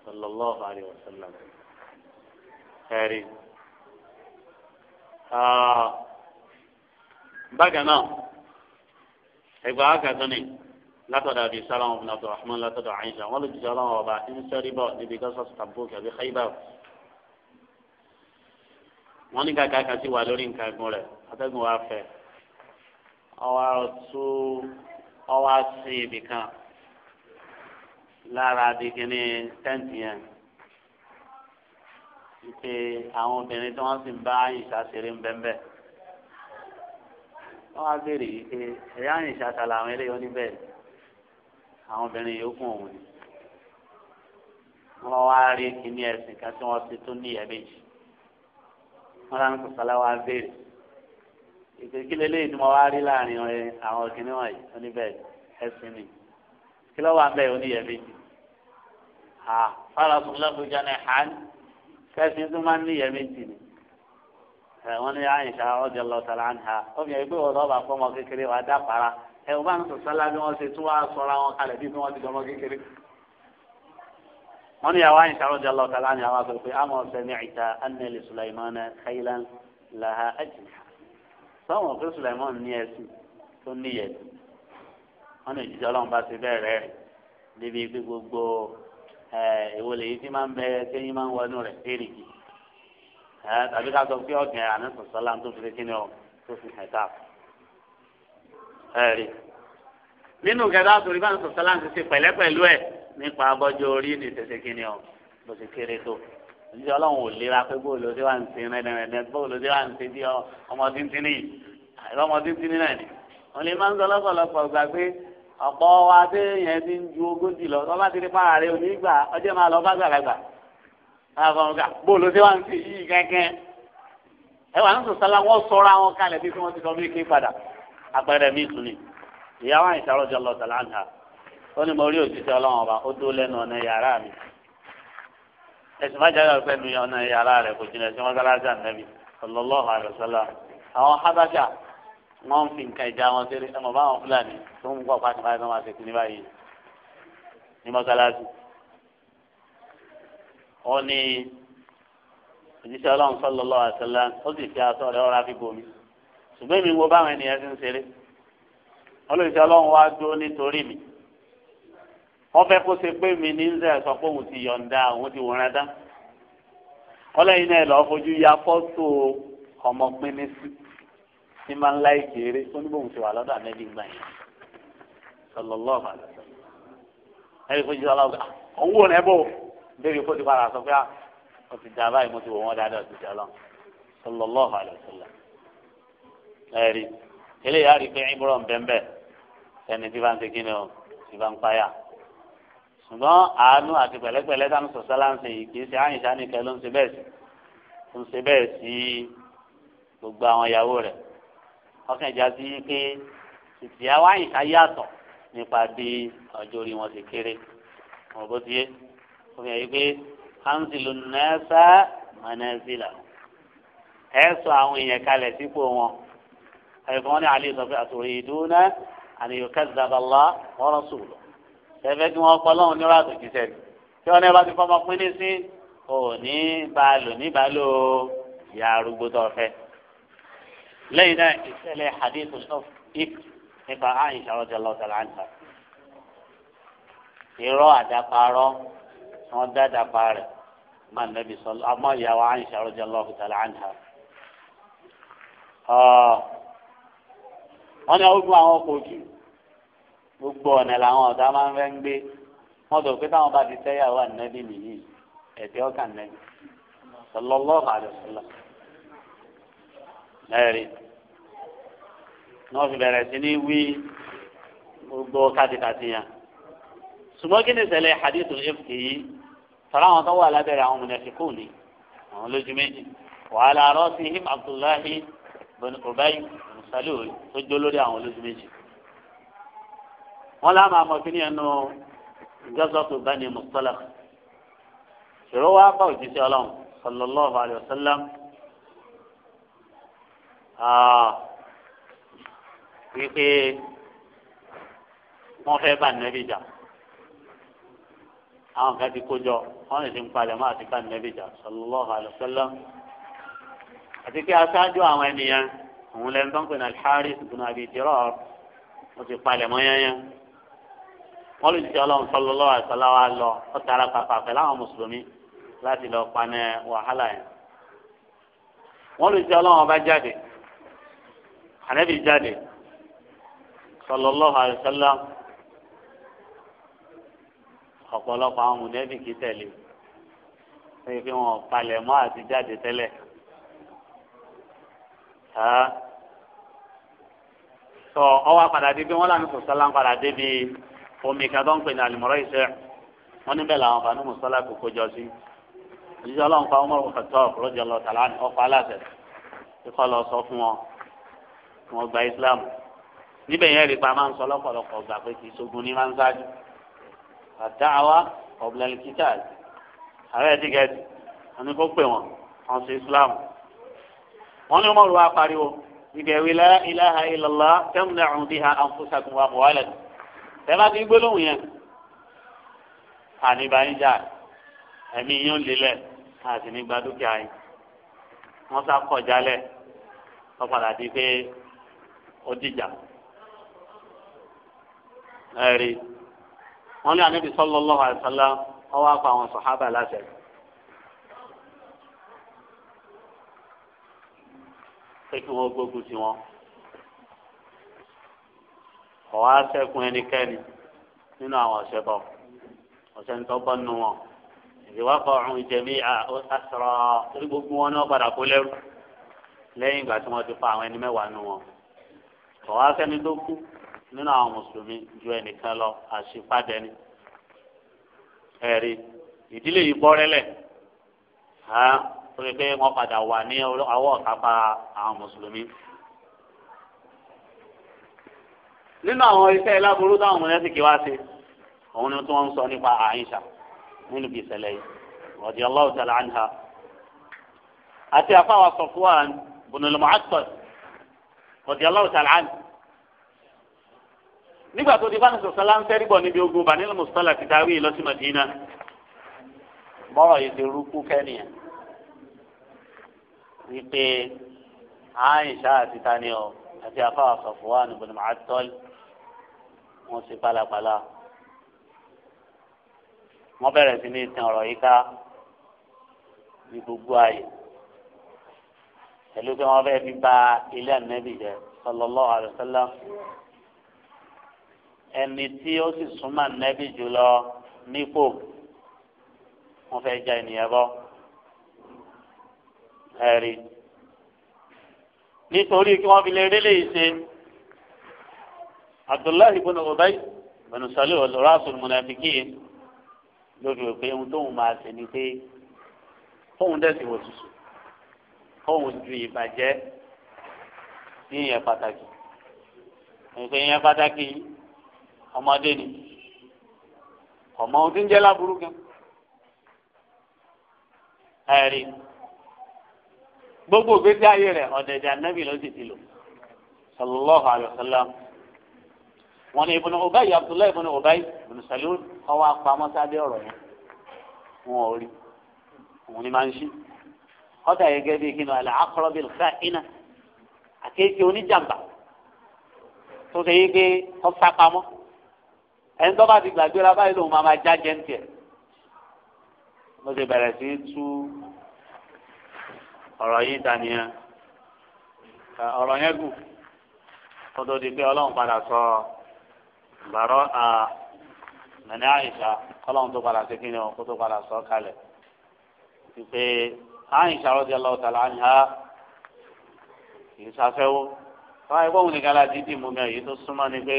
sallallahu alaihi wasallam. ẹ̀rí bákan náà ẹgbẹ́ akẹ́kọ̀ọ́ ni látọ̀dọ̀ àbí sálàmù ibn abdulrahman látọ̀dọ̀ àyìnṣà wọ́n lè jù sálàmù ọba ń sẹ́rí bọ̀ níbi gọ́sọ̀ tàbúkì àbí khaybar wọ́n ní kàkà kan sí wà lórí nǹkan ẹ̀gbọ́n rẹ̀ atẹ́gùn wa fẹ́ ọwọ́ tú ọwọ́ sin ibì kan lára dìgínní tẹ́ǹtì yẹn wípé àwọn obìnrin tí wọ́n sì ń bá àyìnṣà ṣeré ń bẹ́ńbẹ́ wọ́n á béèrè wípé ẹ̀yà àyìnṣà ta làwọn eléyìí oníbẹ̀ àwọn obìnrin yòókù òun ni wọ́n wá rí kíní ẹ̀sìn kan tí wọ́n ti tún ní ìyẹ́ méjì wọn lànà tó sálá wa béèrè ìgbékílẹ̀ lẹ́yìn tí mo wá rí láàrin ọ̀rẹ́ àwọn kìnìún wọ̀nyí oníbẹ̀ ẹ̀sìn ni kí ló wà bẹ́ẹ̀ oníyẹ̀bí ha fárasùn lọ́kùnjọ́ ní hàn kẹ́sìn tó máa ń níyẹ̀ méjì ni wọ́n ní àyìnṣà ọ̀jọ̀ lọ́tàlá ń ha obìnrin pé wọ́n lọ́ba fọmọ kékeré wa dá para ẹ̀ wọ́n bá ń sọ̀sọ́ lábẹ́ wọn ṣe tún wá sọ́ra wọn kalẹ̀ bí wọ́n ti dọ́mọ kékeré wọ́n ní àwọn àyìnṣà rọ̀jà lọ kàlá ni àwọn àgbẹ̀ pé àmọ́ sami'ta anna li Sulaymana khaylan laha ajniha sọ́wọ́n pé Sulaiman ní ẹ̀sìn tó níyẹ̀ wọ́n ní ìjíjọ́ ọlọ́run bá ti bẹ́ẹ̀ rẹ̀ níbi pé gbogbo èwo lèyí tí máa ń bẹ kéyìn máa ń wọnú rẹ̀ èrìgì tàbí ká sọ pé ọ̀gẹ̀ àníṣọ̀sọ́lá tó fi kí ni ọ tó fi hẹ̀ káàpù ẹ̀rí nínú kẹta àtòrí bá ń sọ sálá ń ṣe pẹ̀lẹ́ pẹ̀lú ẹ̀ nípa abọ́jọ́ orí ní tẹ̀sẹ̀ kí ni ọ bó ti kéré tó ìdí ọlọ́run ò lera pé bóòlù tí wàá ń sin rẹ́dẹ̀rẹ́dẹ́ bóòlù tí wàá ń sin di ọmọ tíntín yìí ọmọ tíntín náà ni wọn lè máa ń sọ lọ́pọ̀lọpọ̀ gbà pé ọ̀pọ̀ wa tí yẹn ti ń ju ogójì lọ tọ́ bá ti di para rẹ onígbà ọjọ́ máa lọ bá gbàlagbà àfọ̀nkà bóòlù tí wàá ń sin yìí kẹ́kẹ́ ẹ wà ń sọ sálá ti sọ ìyàwó àyìnṣà rọjò ọlọsàlá ń ta ó ní mo rí òṣìṣẹ́ Ọlọ́run ọba ó dó lẹ́nu ọ̀nà yàrá mi ẹ̀sìn má jáde ọ̀pẹ́ nu ọ̀nà yàrá rẹ̀ kò jìnnà sí mọ́sálásí ànábì sallallahu alaihi wasallam àwọn hábàṣà wọ́n ń fi nǹkan ìjà wọn ṣeré ẹ̀mọ̀ bá wọn fúlàní tó ń pọ̀ pàṣẹ báyìí tó máa ṣe kí ní báyìí ní mọ́sálásí. ó ní òjíṣẹ́ Ọlọ́run sallallahu alaihi wasallam ó sì fi aṣọ rẹ̀ ọ̀rá ọlọ́ọ̀ṣẹ́ ọlọ́run wá dúró nítorí mi wọ́n fẹ́ kó ṣe pé mi ní ń sẹ́ sọ pé òun ti yọ̀ǹda òun ti wòran dá ọlọ́yin náà lọ́ọ́ fojú ya fọ́tò ọmọ pínlẹ̀ sí ní máa ń láì kéré ó ní bóun ti wà lọ́dọ̀ àmẹ́bí gbà yẹn sọlọ́lọ́ ọ̀bàdàn ẹ̀rí fojú ọlọ́run ah, òun wò rẹ̀ bò bẹ́ẹ̀ kó ti padà sọ pé ó ah, ti dà báyìí mo ti wò wọ́n dáadáa ti dà lọ sọlọ́lọ́ ọ̀bàdàn ẹ̀rí eléyàá rí pé ìbúrọ̀ ń bẹ́ẹ̀ bẹ́ẹ̀ ẹni tí bá ń ṣe kí ni o tí bá ń páyà ṣùgbọ́n àánú àti pẹ̀lẹ́pẹ̀lẹ́ táwọn sọ̀sọ́ là ń ṣe yìí kì í ṣe àyìnṣá nìkan ló ń ṣe bẹ́ẹ̀ sí ló ń ṣe bẹ́ẹ̀ sí gbogbo àwọn ìyàwó rẹ̀ ọkàn ìjà sí pé ìtìyàwó àyìnṣá yàtọ̀ nípa bí ọjọ́ orí wọn ṣe kéré wọn bó ti yé omi ẹ̀yí pé hanzilu nẹ́ẹ̀sà mọ́nẹ́sílà ẹ̀ sọ àwọn èèyàn kalẹ̀ sípò wọn ẹ̀fọn ní alẹ́ sọ pé àtòrí ìdúná àníyàn kẹsìdàbàlá wọn rán sùúrù ẹfẹ kí wọn pọlọ òun nírọ àtòjì sẹni tí wọn náà bá ti fọmọ pín ní sí òní balò ní balò ìyá arúgbó tó fẹ lẹ́yìn náà ìṣẹ̀lẹ̀ hadith of ik nípa àyìn ṣàròjọ lọtàlá àǹtà irọ́ àdàparọ́ wọn dàdàpa rẹ̀ máa nẹ́bi sọlá ọmọ ìyàwó àyìn ṣàròjọ lọtàlá àǹtà wọn ni àwọn ogun àwọn kò jù gbogbo ọ̀nà làwọn ọ̀tá máa ń fẹ́ ń gbé wọ́n sọ pé táwọn bá ti tẹ́yàwó ànábì nìyí ẹ̀tẹ́ ọ̀kà nẹ́bí sallallahu alaihi wasallam lẹ́rìí wọ́n fi bẹ̀rẹ̀ sí ní wí gbogbo kátìkátì yẹn ṣùgbọ́n kí ni ṣẹlẹ̀ hadithu ifki yìí sọ̀rọ̀ àwọn tó wà lábẹ́rẹ́ àwọn mùnàfikù ni àwọn lójú méjì wàhálà rọ́ọ̀sì him abdullahi bin ubayi bin salul tó jó lórí àwọn lójú méjì wọn lá máa mọ kíní ẹnu gazọtò bani mustalaq ṣòro wa bá òjíṣẹ́ Ọlọ́run sallallahu alayhi wa sallam wípé wọn fẹ́ bá nẹbi jà àwọn kan ti kójọ wọn lè ti ń palẹ̀ mọ́ àti bá nẹbi jà sallallahu alayhi wa sallam àti pé aṣáájú àwọn ènìyàn òun lẹ́nu ń pè ní alḥaris ibn abi dirar wọn ti palẹ̀ mọ́ yẹn yẹn wọ́n lè jẹ́ ọlọ́run sallallahu alaihi wasallam lọ ó tara pàpà pẹ̀lú àwọn mùsùlùmí láti lọ panẹ́ wàhálà yẹn. wọ́n lè jẹ́ ọlọ́run ọba jáde ànábì jáde sallallahu alaihi wasallam ọ̀pọ̀lọpọ̀ àwọn mùnẹ́bì kì í tẹ̀lé ṣé kí wọ́n palẹ̀ mọ́ àti jáde tẹ́lẹ̀ sọ ọwọ́ padà dé bí wọ́n lànà sọ̀sọ́ láǹpadà dé bíi omi kan tó ń pè ní àlùmọ́rọ́ ìṣe wọn níbẹ̀ làwọn fanu mùsọ́lá kò kójọ sí ìṣiṣẹ́ ọlọ́run pa ọmọ òkè tó ọ̀pọ̀lọpọ̀ lọ tàlá ní ọkọ̀ aláṣẹ kíkọ́ lọ sọ fún wọn kí wọ́n gba Islam níbẹ̀ yẹn rí pa máa ń sọ lọ́pọ̀lọpọ̀ gbà pé kì í ṣogun ní máa ń ṣáájú àdáwà ọ̀bùnẹ́lì kíkà ààrẹ tíkẹ́ẹ̀tì wọn ni kó pè wọn wọn sí Islam wọn ní ọmọ òru wa pariwo ìbẹ̀wì la ilaha illallah tẹ́mùlẹ̀ ọ̀hún bí ha àǹfọ̀ṣàkùn wa mọ̀wálẹ̀ tó tẹ bá ti gbólóhùn yẹn àníbàyín jà ẹ̀mí yín ó lélẹ̀ àti nígbà dúkìá yín wọ́n sá kọ̀ jálẹ̀ wọ́n padà di pé ó dìjà ẹ̀rí wọ́n ní àníbi sallallahu alaihi wasallam ọwọ́ apá àwọn sọ̀hábà láṣẹ. pé kí wọ́n gbógun tiwọn kọ̀ wá sẹ́kùn ẹnikẹ́ni nínú àwọn ọ̀sẹ̀ bọ̀ ọ̀sẹ̀ ńtọ́ bọ́ nù wọn ìwà kọ̀ọ̀rùn ìjẹ̀mí àṣọrọ̀ torí gbogbo wọn náà padà kó lẹ́rú lẹ́yìn ìgbà tí wọ́n ti fa àwọn ẹni mẹ́wàá nù wọn kọ̀ wá tó kú nínú àwọn mùsùlùmí ju ẹnìkan lọ àṣìpàdẹ́ni ẹ̀rí ìdílé yìí bọ́ rẹ́lẹ̀ ha torí pé wọ́n padà wà ní àwọ̀ kápá àwọn mùsùlùmí. nínú àwọn iṣẹ́ ìlàbúrú táwọn mọ̀lẹ́sìkì wá sí òun ni wọ́n ń sọ nípa àyíṣà nínú bí ìṣẹ̀lẹ̀ yìí radiyallahu ta'ala anha àti àfáwà Safwan ibn al-Mu'attal radiyallahu ta'ala anhu nígbà tó di bá nìṣọ̀ sọlá ń tẹ́rìbọ̀ níbi ogun Bani al-Mustaliq ti darí lọ sí Madina bọ́rọ̀ yìí ti rúkú kẹ́nìyàn wípé àyíṣà àti tani ọ àti àfáwà Safwan ibn al wọ́n ṣe pálapàla wọ́n bẹ̀rẹ̀ sí ní tan ọ̀rọ̀ yìí ká ní gbogbo ààyè pẹ̀lú pé wọ́n fẹ́ẹ́ fi bà ilé ànẹ́bì jẹ́ sallallahu alaihi wasallam ẹni tí ó sì súnmọ́ ànẹ́bì jùlọ nípò wọ́n fẹ́ẹ́ já ènìyàn bọ́ ẹ̀rí nítorí kí wọ́n fi lè rí lè ṣe abdullahi ibn ubay ibn salih rasul munafikin lórí òpè ohun tóun máa ṣe ni pé kóun dẹ̀sìn wò tutù kóun ju ìbàjẹ́ sí ìyẹn pàtàkì ìpè ìyẹn pàtàkì ọmọdé ni ọmọ ohun tí ń jẹ́ láburú kan ẹ̀rí gbogbo ìgbésí ayé rẹ̀ ọ̀dẹ̀dẹ̀ anábì ló sì ti lò sallallahu alaihi wasallam wọn ni ibùnú ọbẹ̀ yìí abdullahi ibùnú ọbẹ̀ yìí ibùnú salul ọwọ́ apamọ́ sábẹ́ ọ̀rọ̀ yẹn wọn ò rí òun ni máa ń ṣí ọ̀dà yẹn gẹ́gẹ́ bí kí ni àlẹ́ akọ́rọ́bì ká iná àkéèké oníjàmbá tó ṣe yí pé ó sá pamọ́ ẹni tó bá ti gbàgbéra báyìí lòun máa máa já jẹ́ ń mo ti bẹ̀rẹ̀ sí tú ọ̀rọ̀ yìí dànìyàn ọ̀rọ̀ yẹn gùn kó tó di pé ọlọ́run padà sọ ọ́ bàrọ à nàní àyíṣà kọlọ́n tó padà sí kíni ọkọ tó padà sọ kalẹ̀ wípé àyíṣà radiyallahu ta'ala anha kì í sáfẹ́wó wọn àyíkọ́ òun nìkan láti dì mú mi èyí tó súnmọ́ ni pé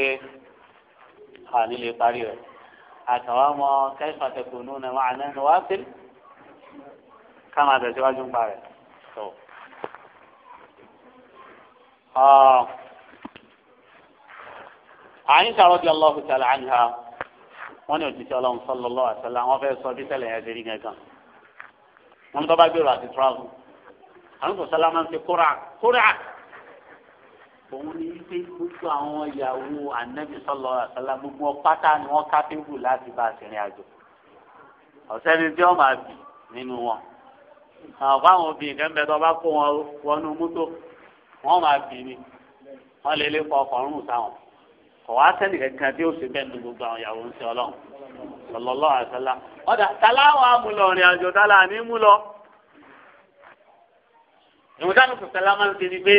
àní lè parí rẹ̀ àtàwọn ọmọ kayfa takununa ma'ana nawafil ká máa tẹ̀síwájú ń parẹ̀ tó àyíṣà rọ́bì ọlọ́hu tẹ̀lé àníhà wọ́n ní òjíṣẹ́ ọlọ́run sọ́lọ́lọ́ àtẹlẹ́ àwọn fẹ́ sọ bí tẹ̀lé yẹn dérí gangan wọ́n ní tó bá gbèrò àti travel àwọn sọ̀sọ́lá máa ń fi kóra kóra òun ní pé gbogbo àwọn ìyàwó ànábì sọ́lọ́lọ́ àtẹlẹ́ gbogbo pátá ni wọ́n ká tébù láti bá àṣírin àjò ọ̀sẹ́ni tí wọ́n máa bì nínú wọn àwọn fáwọn obìnrin kan bá kó wọn wọnú mọ́tò ọ̀wá sẹ́ni kankan tí ó sì bẹ́ẹ̀ ní gbogbo àwọn ìyàwó ń ṣe ọlọ́run sọlọ́lọ́ àṣálá ọ̀dà tàláwọ̀ amúlọ rìn àjò tálà ní mú lọ. ìmúdánù sọ̀tẹ́lá máa ń ṣe ni pé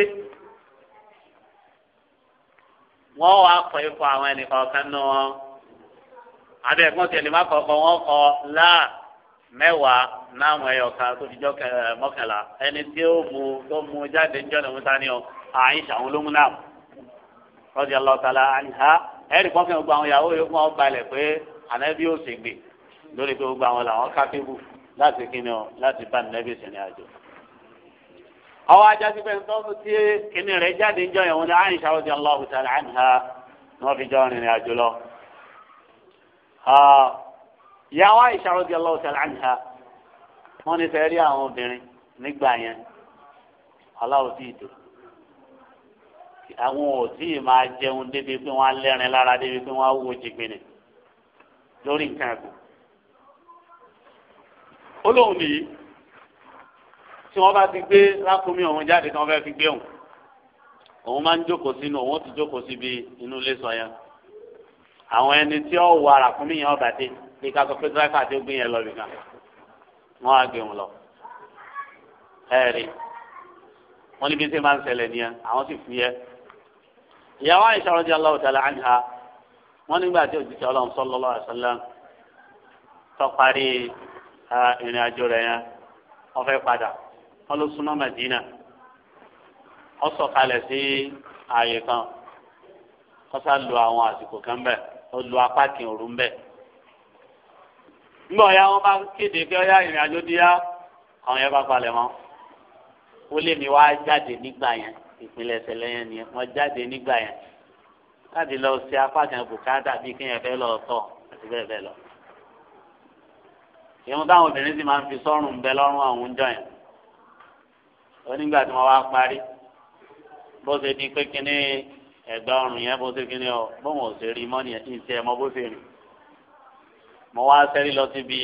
wọ́n wá kọ ikọ̀ àwọn ẹnìkan kan nù wọn abẹ́ ẹ̀gbọ́n tẹ̀lé má kọ̀ ọkọ̀ wọn kọ láà mẹ́wàá náwọn ẹyọ kan tó fi jọ mọ́kànlá ẹni tí ó mu tó mu jáde jọ́nà mú rọ́dí aláwọ̀tálá àníhá ẹ̀rí kan fi hàn gbogbo àwọn ìyàwó yòókù wọn balẹ̀ pé ànábì ò sì gbè lórí pé gbogbo àwọn làwọn kápẹ́bù láti kíni ọ láti bá ànábì sì ní àjò. àwọn ajásí pé nítorí tí kíni rẹ̀ jáde ń jọ yẹn wọn ni àyìnṣà rọ́dí aláwọ̀tálá àníhá ni wọ́n fi jọ rìnrìn àjò lọ. ìyàwó àyìnṣà rọ́dí aláwọ̀tálá àníhá wọ́n ní fẹ́ rí àwọn obìnrin nígbà yẹn aláwọ̀ àwọn ò tí ì máa jẹun débi pé wọ́n á lẹ́rìn lára débi pé wọ́n á wo jìgbìnì lórí nǹkan ẹ̀kọ́. ó lóun nìyí tí wọ́n bá ti gbé lákùnmí òun jáde tí wọ́n fẹ́ fi gbé òun òun máa ń jókòó sínú òun ti jókòó síbi inú ilé sọ yẹn àwọn ẹni tí ó wà ràkúnmí yẹn ọ̀bà dé bí ká sọ pé tíráfà tó gbé yẹn lọ nìkan wọ́n á gbé òun lọ ẹ̀rí wọ́n níbi tí máa ń ṣẹlẹ̀ nìyẹn àwọn sì fi yẹ ìyàwó àyíṣà radiyallahu ta'ala anha wọ́n nígbà tí òjijì ọlọ́run sallallahu alaihi wasallam tó parí ìrìn àjò rẹ̀ yẹn wọ́n fẹ́ padà wọ́n ló súnmọ́ Mẹ̀dínà wọ́n sọ̀kalẹ̀ sí ààyè kan wọ́n sá lu àwọn àsìkò kan bẹ́ẹ̀ ó lu apá kìn òru bẹ́ẹ̀ nígbà ọ̀yá wọn bá kéde pé ọ̀yá ìrìn àjò díá àwọn yẹn bá palẹ̀ mọ́ ó lé mi wá jáde nígbà yẹn ìpínlẹ̀ ìṣẹ̀lẹ̀ yẹn nìyẹn wọ́n jáde nígbà yẹn láti lọ ṣe apá kan bùkátà bíi kéèyàn fẹ́ lọ tọ̀ àti bẹ́ẹ̀ bẹ́ẹ̀ lọ. ìhun táwọn obìnrin sì máa ń fi sọ́rùn ń bẹ lọ́rùn àwọn oúnjẹ yẹn onígbà tí wọ́n wá parí bó ṣe di pé kíní ẹ̀gbà ọrùn yẹn bó ṣe kíní ọ bóun ò ṣe rí mọ́nì ẹ̀ ní tiẹ̀ mọ́ bó ṣe rìn mo wá sẹ́rí lọ síbi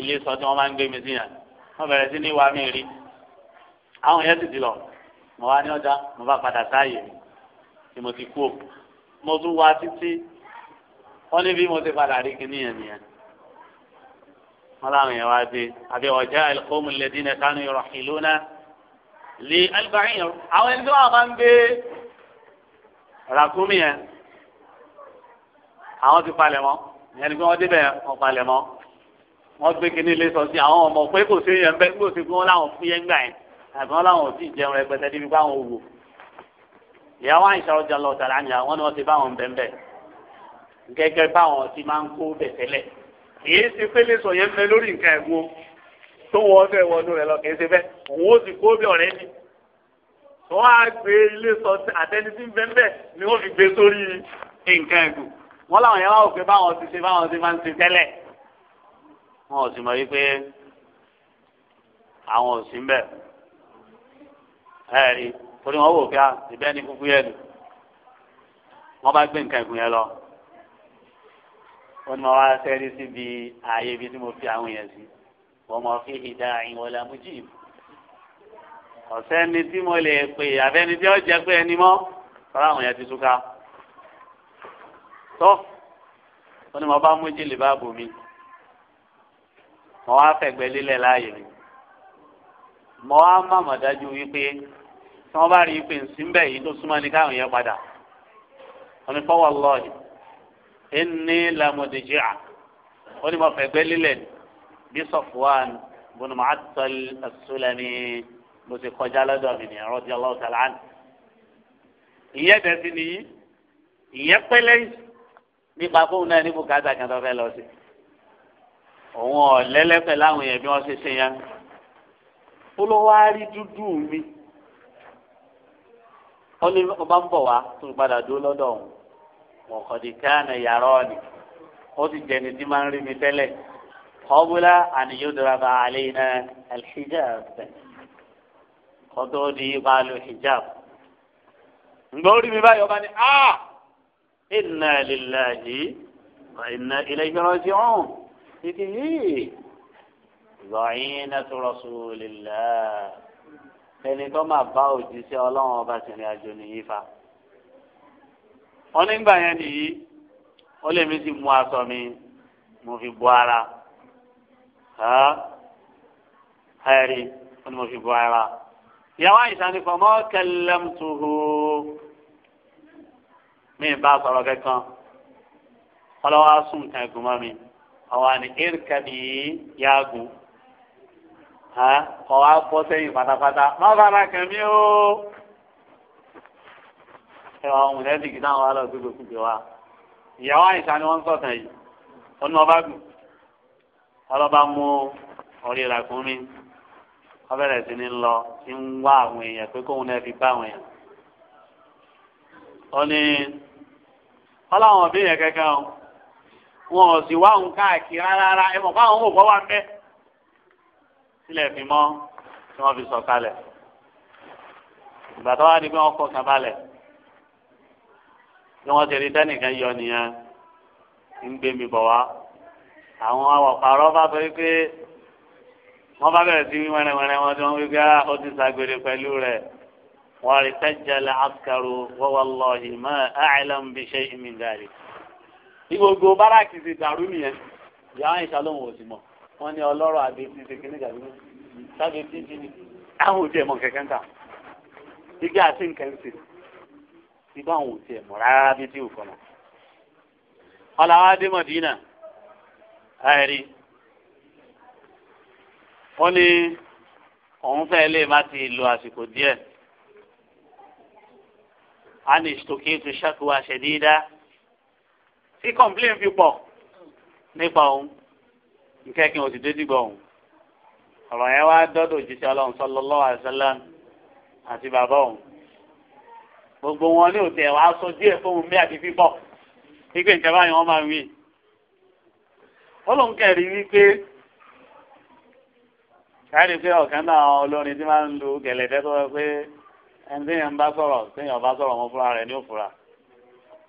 ilé sọ tí wọ́n máa ń gbé mi sí yẹn wọ́n bẹ̀rẹ̀ sí ní wàá mi rí àwọn yẹn sì ti lọ mo wá ní ọjà mo bá padà sáàyè ni mo ti kú o mo tún wá títí wọ́n ní bí mo ti padà rí kíní yẹn nìyẹn wọ́n láwọn yẹn wá dé àbí ọjà ẹlẹkọọmù lẹdínẹ kánú yọrọ ìlú náà lè alùpàgìn yẹn àwọn ẹni tí wọ́n máa ń gbé ràkúnmí yẹn àwọn ti palẹ̀ mọ́ ìyẹn ni pé wọ́n débẹ̀ wọ́n palẹ̀ mọ́ wọ́n gbé kíní lé sọ sí àwọn ọmọ pé kò sí yẹn bẹ́ẹ̀ kí kò sí fún wọn láwọn fún yẹn gbà yẹn àbí wọn làwọn ò tí ì jẹun rẹpẹtẹ níbi báwọn ò wò ìyàwó àyìnṣà ọjà lọ tàlà ni àwọn ni wọn ti báwọn bẹ́ẹ̀ gẹ́gẹ́ báwọn ti máa ń kó bẹ̀ kìí ṣe pélé sọ yẹn fẹ́ lórí nǹkan ẹ̀gbọ́n tó wọ́n fẹ́ wọnú rẹ lọ kìí ṣe fẹ́ òun ó sì kó bẹ̀ ọ̀rẹ́ ni wọ́n á gbé ilé sọ àtẹni tí ń bẹ́ ni wọ́n fi gbé sórí nǹkan ẹ̀gbọ́n wọ́n làwọn yẹn wá òfin báwọn ti ṣe báwọn ti máa ń ṣe tẹ́lẹ̀ wọn ò sì mọ̀ wípé àwọn ò sí mbẹ́ ẹ̀rí torí wọn wò fíà ah, ìbẹ́ ní kúkú yẹn ni wọn bá gbé nǹkan ìgùn yẹn lọ wọn ni wọn wá sẹ́rí síbi ààyè ibi tí mo fi àwọn yẹn sí wọn mọ fi ìdá ìwọlé amújì ọ̀sẹ́ ni tí mo lè pè àbẹ́ni tí ó jẹ́ pé ẹni mọ́ sọ́ra àwọn yẹn ti túká tó wọn ni wọn bá mú jìlì bá bò mí wọn wá fẹ̀gbẹ́ lélẹ̀ láàyè mi mọ́ á má mọ̀ dájú wípé tí wọ́n bá rí i pé nsínbẹ̀ yìí tó súnmọ́ ní káwọn yẹn padà wọ́n ní fọwọ́ lọ́ọ̀dì ẹni lamọ̀dẹ̀jì à wọ́n ní mo fẹ́ gbé lílẹ̀ bí Safwan bùnú Mu'attal as-Sulami mo ti kọjá lọ́dọ̀ mi ní radiyallahu ta'ala anhu ìyẹn bẹ̀sí nìyí ìyẹn pẹ́lẹ́ nípa fóun náà ní bùkátà kan tó fẹ́ lọ sí òun ọ̀lẹ́lẹ́fẹ̀ láwọn yẹn bí wọ́n ṣe ṣe yẹn ó lọ wá rí dúdú mi ó ní ọba ń bọ̀ wá tó ń padà dúró lọ́dọ̀ òun mọ̀kàndín káàna yàrá ọ̀nì ó ti jẹni tí máa ń rí mi tẹ́lẹ̀ kọ́bùlá àníyó dọ̀rọ̀bà àlẹ́yìn alhijab kọ́tọ́ di ìbálò hijab ǹgbọ́n ó rí mi báyìí ọba ni ah inna lillahi wa inna ilayhi raji'un zọ̀yìnà tó rasulillah ẹni tó máa bá òjíṣẹ́ ọlọ́run ọba sì rìn àjò nìyí fa. wọ́n nígbà yẹn nìyí ó lè mi ti mú aṣọ mi mo fi bu ara ẹ̀rí ó ní mo fi bu ara. ìyàwó àyíṣà ni fọmọ kallamtuhu mi bá sọ̀rọ̀ kankan ọlọ́wọ́ sùn kan ẹ̀gùn mọ́ mi àwọn àni irkabi yaagun kọ́ wa bọ́ sẹ́yìn pátápátá má bàrà kẹ̀mí o. ẹ wà ọmọ ìrẹsì kí táwọn ará ògbégbè kú gbé wa ìyàwó àyíṣà ni wọ́n ń sọ̀tàn yìí wọ́n ní ọba gùn ọlọ́ba mú ọ̀rẹ́ ìràkúnmí wọ́n bẹ̀rẹ̀ sí ní lọ sí ń wá àwọn èèyàn pé kóun náà fi bá àwọn èèyàn. ó ní ọlọ́run ọ̀bí yẹn kẹ́kẹ́ wọn ò sì wá òun káàkiri rárá ẹ mọ̀ fáwọn òkò wà bẹ́ẹ̀ sílẹ̀ fi mọ́ tí wọ́n fi sọ kalẹ̀ ìgbà tó wá di pé wọ́n kọ̀ kan balẹ̀ tí wọ́n ti rí tẹ́nìkan yọ nìyẹn ń gbé mi bọ̀ wá àwọn awọ̀pàrọ̀ bá fẹ́ pé wọ́n bá bẹ̀rẹ̀ sí wẹ́rẹ́wẹ́rẹ́ wọn tí wọ́n wí pé ah, ó ti pẹ̀lú rẹ̀ wọ́n rí tẹ́jẹ̀lẹ̀ àkàrò wa wallahi ma a'lam bi shay'in min dhalik. ní gbogbo ti dàrú nìyẹn ìyá àyìnṣá lóun ò sì mọ̀ wọ́n ní ọlọ́rọ̀ àbẹ̀tí ṣe kíní gàdí ní sábẹ̀tí jí ni àwọn òde ẹ̀mọ́ kẹ̀kẹ́ ń tà igi àti nǹkan ṣe ibà àwọn òde ẹ̀mọ́ rárá bí tí ò kọ́nà. ọ̀làwọ́ adémọ̀dínà àìrí wọ́n ní òun fẹ́ lè má ti lo àsìkò díẹ̀ a ní ìṣòkè tó ṣàkóso dídá tí kọ̀ǹpléǹ fi pọ̀ nípa òun ìkẹ́kẹ́ òsì tó dìgbò ọ̀hún ọ̀rọ̀ yẹn wá dọ́dọ̀ òjíṣẹ́ ọlọ́run sallallahu alaihi wasallam àti bàbá ọ̀hún gbogbo wọn ní òtẹ̀ wàá sọ díẹ̀ fóun bí àti fífọ̀ wípé nǹkan báyìí wọ́n máa ń wí ó lóun kẹ́rì wípé káàdì pé ọ̀kan náà olórin tí máa ń lu gẹ̀lẹ́dẹ́ tó wẹ́ pé ẹni tí yẹn ń bá sọ̀rọ̀ tí yẹn ò bá sọ̀rọ̀ wọn fúra rẹ̀ ní òfúra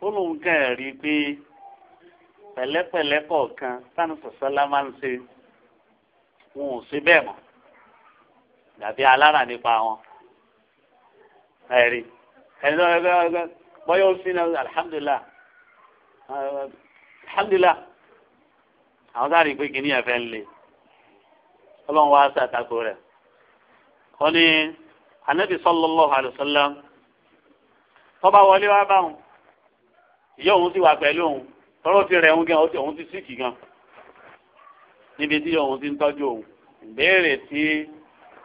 ó lóun kẹ́rì pẹ̀lẹ́pẹ̀lẹ́ kọ̀ọ̀kan sani sọ̀sọ́lá máa ń ṣe wọn ò sí bẹ́ẹ̀ mọ́ dàbí alára nípa wọn ẹ̀rí ẹni tó ń gbẹ́ bọ́yá ó sí náà alihamudulila alihamudulila àwọn sáré pé kìíní ẹ̀fẹ́ ń le ọlọ́run wá sàtàkó rẹ̀ wọ́n ní anabi sallallahu alaihi tọ́ba wọlé wá báwọn ìyá òun sì wà pẹ̀lú òun. tọ́rọ̀ ti rẹ̀ òun gan òun ti síkì gan níbi tí ti ń tọ́jú òun tí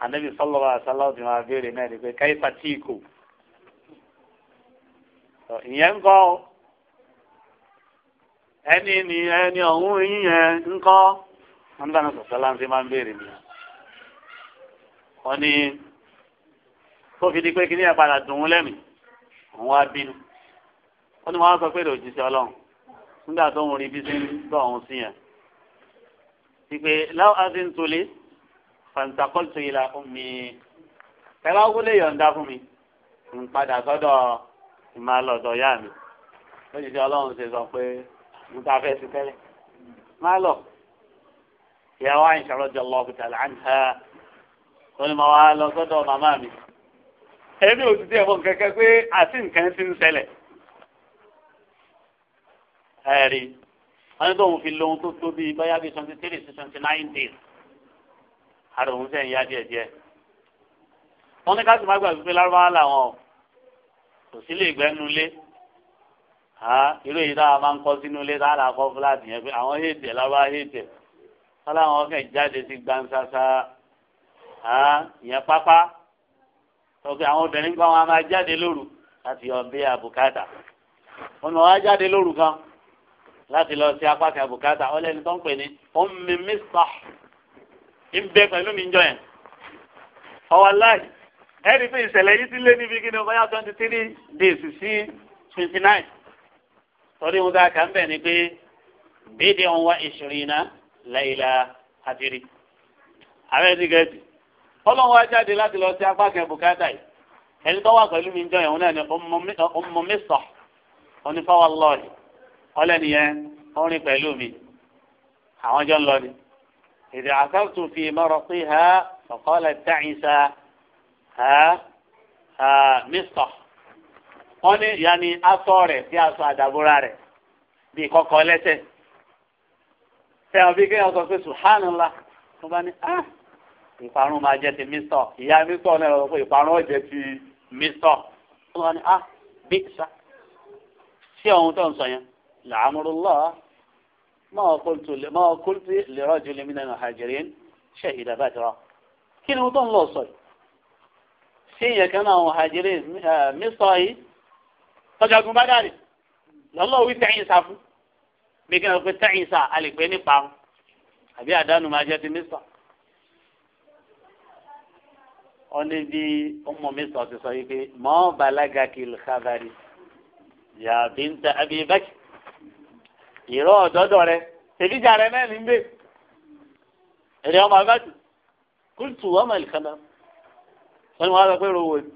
anabi sọlọ́wọ́ ti máa béèrè náà ni pé káyífà tí kò ìyẹn ń kọ́ ẹni ni ẹni ọ̀hún yíyẹn ń kọ́ wọn nígbà náà sọ̀tọ́ láǹtí máa ń béèrè ni tó fi di pé kí nígbà tó ń rí bí sí ń tọ́ ọ̀hún sí yẹn. ìpè láwọn àti ń tolé fantakọ́lùtò yìí la fún mi tẹ́lá wọlé yọ̀ǹda fún mi ń padà sọ́dọ̀ ìmàlọ́dọ̀ yá mi lójijì ọlọ́run ṣe sọ pé mo ta fẹ́ sí tẹ́lẹ̀ má lọ. ìyàwó àyìnṣà rọ́jò lọ́ọ̀kù tàlẹ́ àǹtà onímọ̀ wa lọ sọ́dọ̀ màmá mi. ẹ̀mí òtítì ẹ̀fọn kẹ̀kẹ́ pé àti nǹkan ti ń ṣẹlẹ̀ ẹ̀rí wọ́n ní tóun fi lóhun tó tó bíi báyà bíi twenty three to twenty nine days àrò òun sẹ́yìn yá díẹ̀ díẹ̀ wọ́n ní káàtì má gbà wípé lárúbáwá làwọn kò sí lè gbẹ́ nu ilé irú èyí táwa máa ń kọ́ sínú ilé táwa là kọ́ fúláàtì yẹn pé àwọn èdè lárúbáwá èdè wọ́n láwọn ọkẹ́ jáde sí gbansasa ìyẹn pápá tọ́kẹ́ àwọn obìnrin kan wọn máa jáde lóru láti yọ bí wọn ni wọn á jáde lóru kan láti lọ sí apá kan bùkátà ọlẹ́ni tó ń pè ní ọmọ mísà ń bẹ pẹ̀lú mi jọ yẹn ọwọ́ láì ẹni pé ìṣẹ̀lẹ̀ yìí ti lé níbi kí ni ọba yá twenty three days sí twenty nine torí wọn dáa kàn bẹ̀ ni pé bídìí ọ̀hún wá ìṣòrìnà láìla àdìrí ààrẹ ti gẹ̀ẹ́sì ọlọ́run wá jáde láti lọ sí apá kan bùkátà yìí ẹni tó wà pẹ̀lú mi jọ yẹn òun náà ni ọmọ mísà onífọwọ́ lọ́ọ̀yì ọlẹ́ni yẹn ó rìn pẹ̀lú mi àwọn jọ ń lọ ni. ìdè àkàtúntò fi mọ́rọ̀ pé ha ọ̀kọ́lẹ̀ tẹ̀yìnsá ha ha mísọ̀. wọ́n ní ìyá ni aṣọ rẹ̀ bí aṣọ àdàbòrà rẹ̀ bí kọ́kọ́ lẹ́sẹ̀. fẹ́ràn bí kéèyàn sọ pé subhanallah tó bá ní ah ìparun máa jẹ́ ti mísọ̀ ìyá mísọ̀ náà lọ pé ìparun ọ̀jẹ̀ ti mísọ̀ tó bá ní bí sá sí ohun tó ń sọ yẹn. لعمر الله ما قلت ما قلت لرجل من المهاجرين شهد بدرا كنا وطن لوصل سين كان مهاجرين مصري فجاكم بدري lọ́lọ́ wí tẹ̀yìn sá fún bí kí n pe tẹ̀yìn sá a lè pe ní parun àbí àdánù máa jẹ́ ti mísọ̀. ó ní bí ọmọ mísọ̀ ti sọ yìí pé mọ́ balaga kìlì kábàárì yàbí ń ta abibakir ìró ọ̀dọ́dọ̀ rẹ ṣèbíjà rẹ náà ní gbé èrè ọmọ abájú kúrìtù ọmọ ìkànnà wọn ni wọn sọ pé rowó ni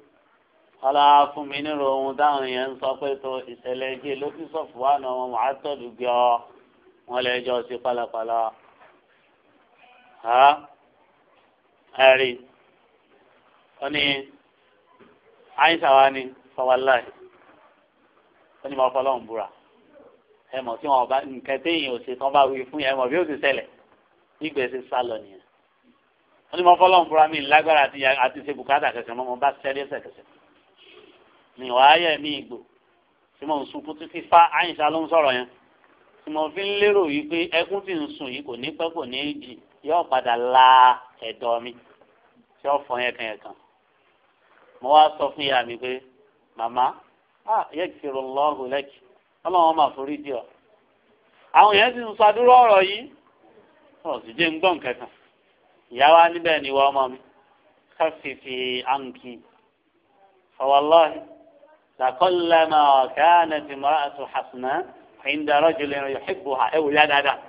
ọlọ́wà fún mi nírò ohun táwọn èèyàn ń sọ pé tó ìṣẹ̀lẹ̀ ìjì ló fi sọ̀fù wà náà wọn á tọ̀dù gbé ọ wọn lè jọ sí pálapàla ẹ̀rí wọn ni àyíṣà wa ni fọwọ́láì wọn ni mo fọlọ́hún búra ẹ mọ̀ tí wọn bá nǹkan téèyàn ò ṣe tán bá wí fún yẹn ẹ mọ̀ bí ó ti ṣẹlẹ̀ nígbà ẹsẹ̀ sálọ nìyẹn wọ́n ní mo fọlọ́ nfura mi lágbára àti àti ṣe bùkátà kẹsẹ̀ mọ́ mo bá sẹ́rí ẹsẹ̀ kẹsẹ̀ mi wàá yẹ mí ìgbò tí mo ń sunkún títí fá àyìnṣá ló ń sọ̀rọ̀ yẹn tí mo fi ń lérò yìí pé ẹkún tí ń sùn yìí kò ní pẹ́ kò ní jì yóò padà la ẹ̀dọ̀ mi tí ó fọ yẹn kan yẹn kan mo ah yẹ kí ló ọlọ́run máa forí jì àwọn ń sọ adúrú ọ̀rọ̀ yìí ọ̀rọ̀ sì jẹ́ ń ìyá wa níbẹ̀ ni ọmọ mi àǹkì hasanà ha ẹ̀wò dáadáa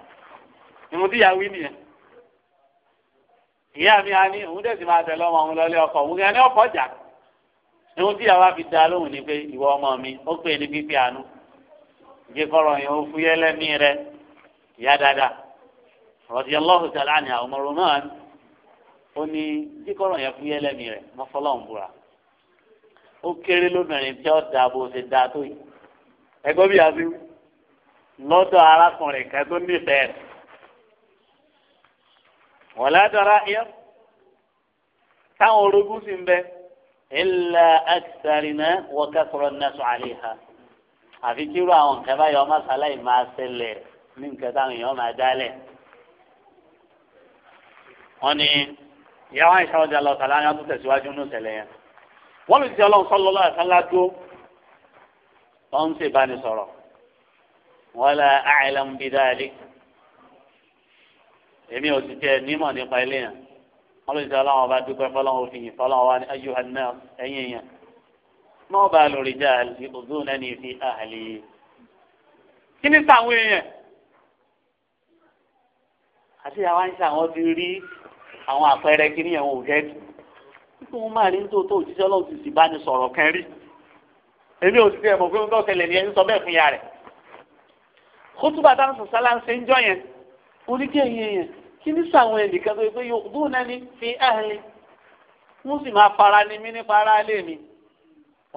ìyá mi á ní òun dẹ̀sí máa tẹ̀lé ọmọ òun lọ́lé ọkọ̀ òun yẹn ní ọ̀pọ̀ jà ìmúdí ìyá wa fi dá lóhùn ni pé ìwọ ọmọ mi ó pè ní ìgbé kọ́rọ̀ yẹn ó fúyẹ́ lẹ́mí rẹ ìyá dáadáa radiyallahu ta'ala anha àwọn ọmọ roman ó ní kíkọ́rọ̀ yẹn fúyẹ́ lẹ́mí rẹ mọ́fọ́lọ́hún búra ó kéré lóbìnrin tí ó da bó ṣe da tó yìí ẹgbẹ́ bíi àbí lọ́dọ̀ arákùnrin kan nífẹ̀ẹ́ rẹ̀ wọ́n yẹn táwọn orogún sì ń bẹ illa aktharina wa kathura an-nasu 'alayha àfi kírú àwọn nǹkan báyọ̀ ọmọ sáláì máa ṣẹlẹ̀ ní nǹkan táwọn èèyàn máa dálẹ̀. wọ́n ní ìyá wọn ìṣàwọ́ di alọ́ sàlá yẹn tó tẹ̀síwájú ní ìṣẹ̀lẹ̀ yẹn. wọ́n lè ti ọlọ́run sọ́lọ́ lọ́wọ́ àtàlá tó wọ́n ń ṣèbánisọ̀rọ̀ wọ́n lọ àìlẹ́ ń bi dáadé. èmi ò sì tẹ nímọ̀ nípa ilé yẹn. wọ́n lè ti ọlọ́run ọba dúpẹ́ fọlọ́run òfin fọlọ́run wa náà bá lórí jà ìbùdó náà ní fi àhàlì. kí ni sàwọn èèyàn àti àwọn àìsàn àwọn ti rí àwọn àpẹẹrẹ kìíní ẹ̀wọ̀n òjẹ́tù kí wọ́n máa rí nítorí tó òjíṣẹ́ ọlọ́run ti sì bá ní sọ̀rọ̀ kan rí èmi ò sì tẹ̀ mọ̀ pé ń tọ́kẹlẹ̀ ni ẹni sọ bẹ́ẹ̀ fún ya rẹ̀ kótóbá táwọn sọ̀sálà ń ṣe ń jọ yẹn oníkéyìn yẹn kí ní sàwọn ẹnìkan tó yẹ pé yóò dúró náà ní fi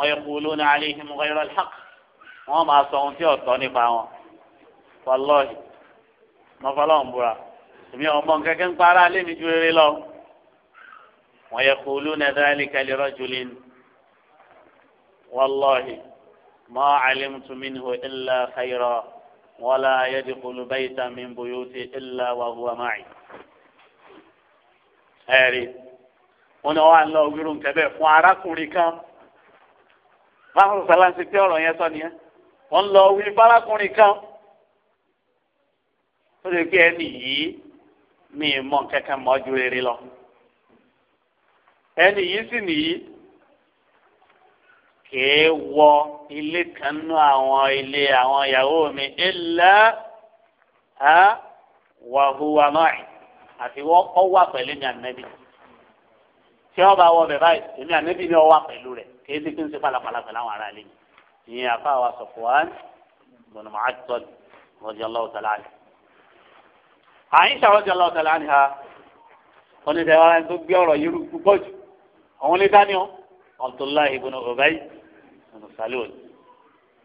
ويقولون عليهم غير الحق وهم أصلاً في أصلاً فاهم والله ما فلان برا سمي أمان كن قارا لي مجوري لهم ويقولون ذلك لرجل والله ما علمت منه إلا خيرا ولا يدخل بيتا من بيوتي إلا وهو معي أري ونوان لو يرون كبير وعراكم لكم báwọn sàlàsì pé ọ̀rọ̀ yẹn sọ nìyẹn wọ́n lọ wí fárákùnrin kan ó lè pé ẹni yìí mi mọ kankan mọ́ ju rere lọ ẹni yìí sì nìyí kèé wọ ilé kan nú àwọn ilé àwọn ìyàwó mi ilẹ̀ ha wàhùwà náà àti wọ́n kọ́ wà pẹ̀lú ní ànẹ́bí tí wọ́n bá wọ bẹ̀ báyìí èmi ànẹ́bí ni wọ́n wà pẹ̀lú rẹ̀ kì í ti fi ń ṣe pàlàpàlà pẹ̀lú àwọn ará ilé ìyẹn àfa wa Safwan bọ̀nà màátọ́d radiyallahu ta'ala anha. Àyíṣà radiyallahu ta'ala anha onídàáwá tó gbé ọ̀rọ̀ yìí rú púpọ̀ jù àwọn lè dání o Abdullahi ibn Ubay ibn Salul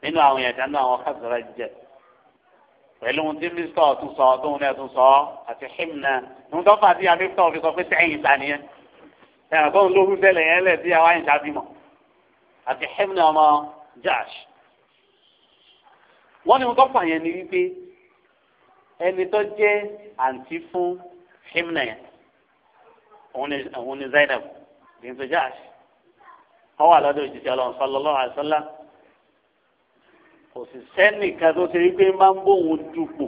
nínú àwọn yẹn dánú àwọn Khazraj jẹ pẹ̀lú ohun tí mísítọ̀ ọ̀tún sọ tóun náà tún sọ àti himna ohun tó fà á sí àmísítọ̀ fi sọ pé sẹ́yìn ìta nìyẹn ẹ̀rọ tó ń lóhùn tẹ́lẹ̀ yẹn lẹ̀ sí àwọn àyìnṣá bímọ àti hẹ́mìnà ọmọ jáàṣ. wọ́n ní wọ́n tọ́pọ̀ yẹn ni wípé ẹni tó jẹ́ àǹtí fún hẹ́mìnà yẹn òun ni Zainab bíntu jáàṣ. wọ́n wà lọ́dọ̀ òjijì ọlọ́run sallallahu alaihi wasallam kò sì sẹ́nìkan tó ṣe wípé máa ń bóun dupò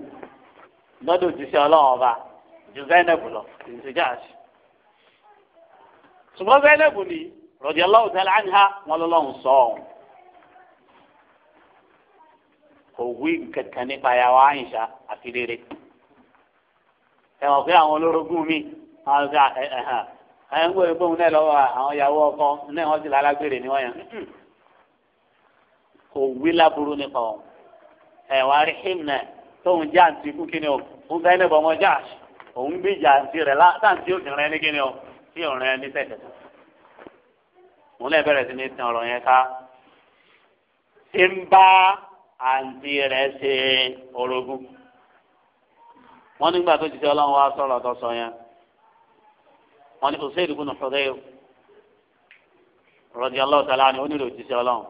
lọ́dọ̀ òjijì ọlọ́run ọba ju Zainab lọ bíntu jáàṣ. ṣùgbọ́n Zainab ni radiyallahu ta'ala anha wọn lọ́lọ́run sọ ọ́n kò wí kankan nípa yàwó àyìnṣá àti rere ẹ mọ̀ pé àwọn olórogún mi àwọn ọ̀gá ẹ̀ ẹ̀ ẹ̀ ń gbòòrò gbòòrò náà lọ́wọ́ àwọn ìyàwó ọkọ náà wọ́n ti lálágbèrè ni wọ́n yàn hmm. kò wí láburú nípa wọn ẹ̀ wá rí him náà tóun já àǹtí kú kíni o òun fẹ́ níbọn ọmọ jáàṣì òun gbé ìjà àǹtí rẹ̀ láǹtí òkè rẹ̀ ní kíni o tí òun rẹ̀ ní tẹ̀tẹ̀tẹ̀ òun lè bẹ̀rẹ̀ sí ní sin ọ̀rọ̀ yẹn ká ṣé ń bá àǹtí rẹ̀ ṣe orogún wọ́n nígbà tó ti ṣe ọlọ́run wá sọ̀rọ̀ tó sọ yẹn wọ́n ní Usaid ibn Hudayr radiyallahu ta'ala ni ó nílò òjíṣẹ́ ọlọ́run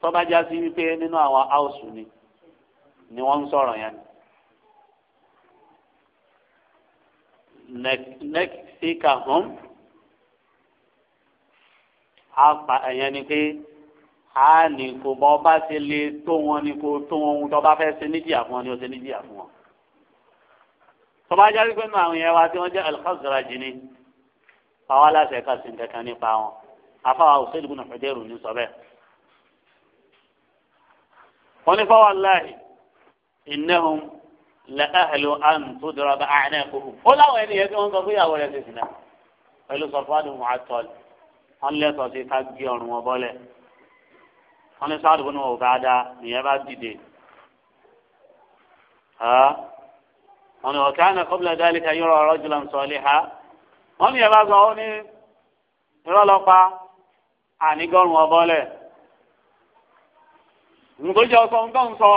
tọ́ba sí wípé nínú àwọn áùsù ni ni wọ́n ń sọ̀rọ̀ yẹn ni. نكفيكهم a pa ẹ̀yẹn ni pé a ní kò bọ́ bá ṣe lè tó wọn ni kò tó wọn ohun tó bá fẹ́ ṣe nídìí àfún wọn ni ó ṣe nídìí àfún wọn. tọ́ba jáde pé nínú àwọn yẹn wa tí wọ́n jẹ́ al-Khazraji ni aláṣẹ ká sí kankan nípa wọn afáwa Usayd ibn Hudayr ní sọ bẹ́ẹ̀. wọ́n ní fọwọ́ aláì innahum la ahlu an tudraba a'naquhum. ó láwọn ẹni wọ́n lẹ́tọ̀ọ́ sí ká gbé ọrùn wọn bọ́lẹ̀ wọ́n ní sáà dùbọ́n wọn ò bá dáa nìyẹn bá dìde wọ́n ní ọ̀kẹ́ àná kọ́bílà dálíkà yọrọ ọ̀rọ̀ jùlọ ń sọ̀lẹ̀ ha wọ́n ní ẹ̀bá sọ ọ́ ní irọ́ lọ́pa ànígọ́rùn wọn bọ́lẹ̀ nùgbọ́jọ́ sọ ń tọ́ ń sọ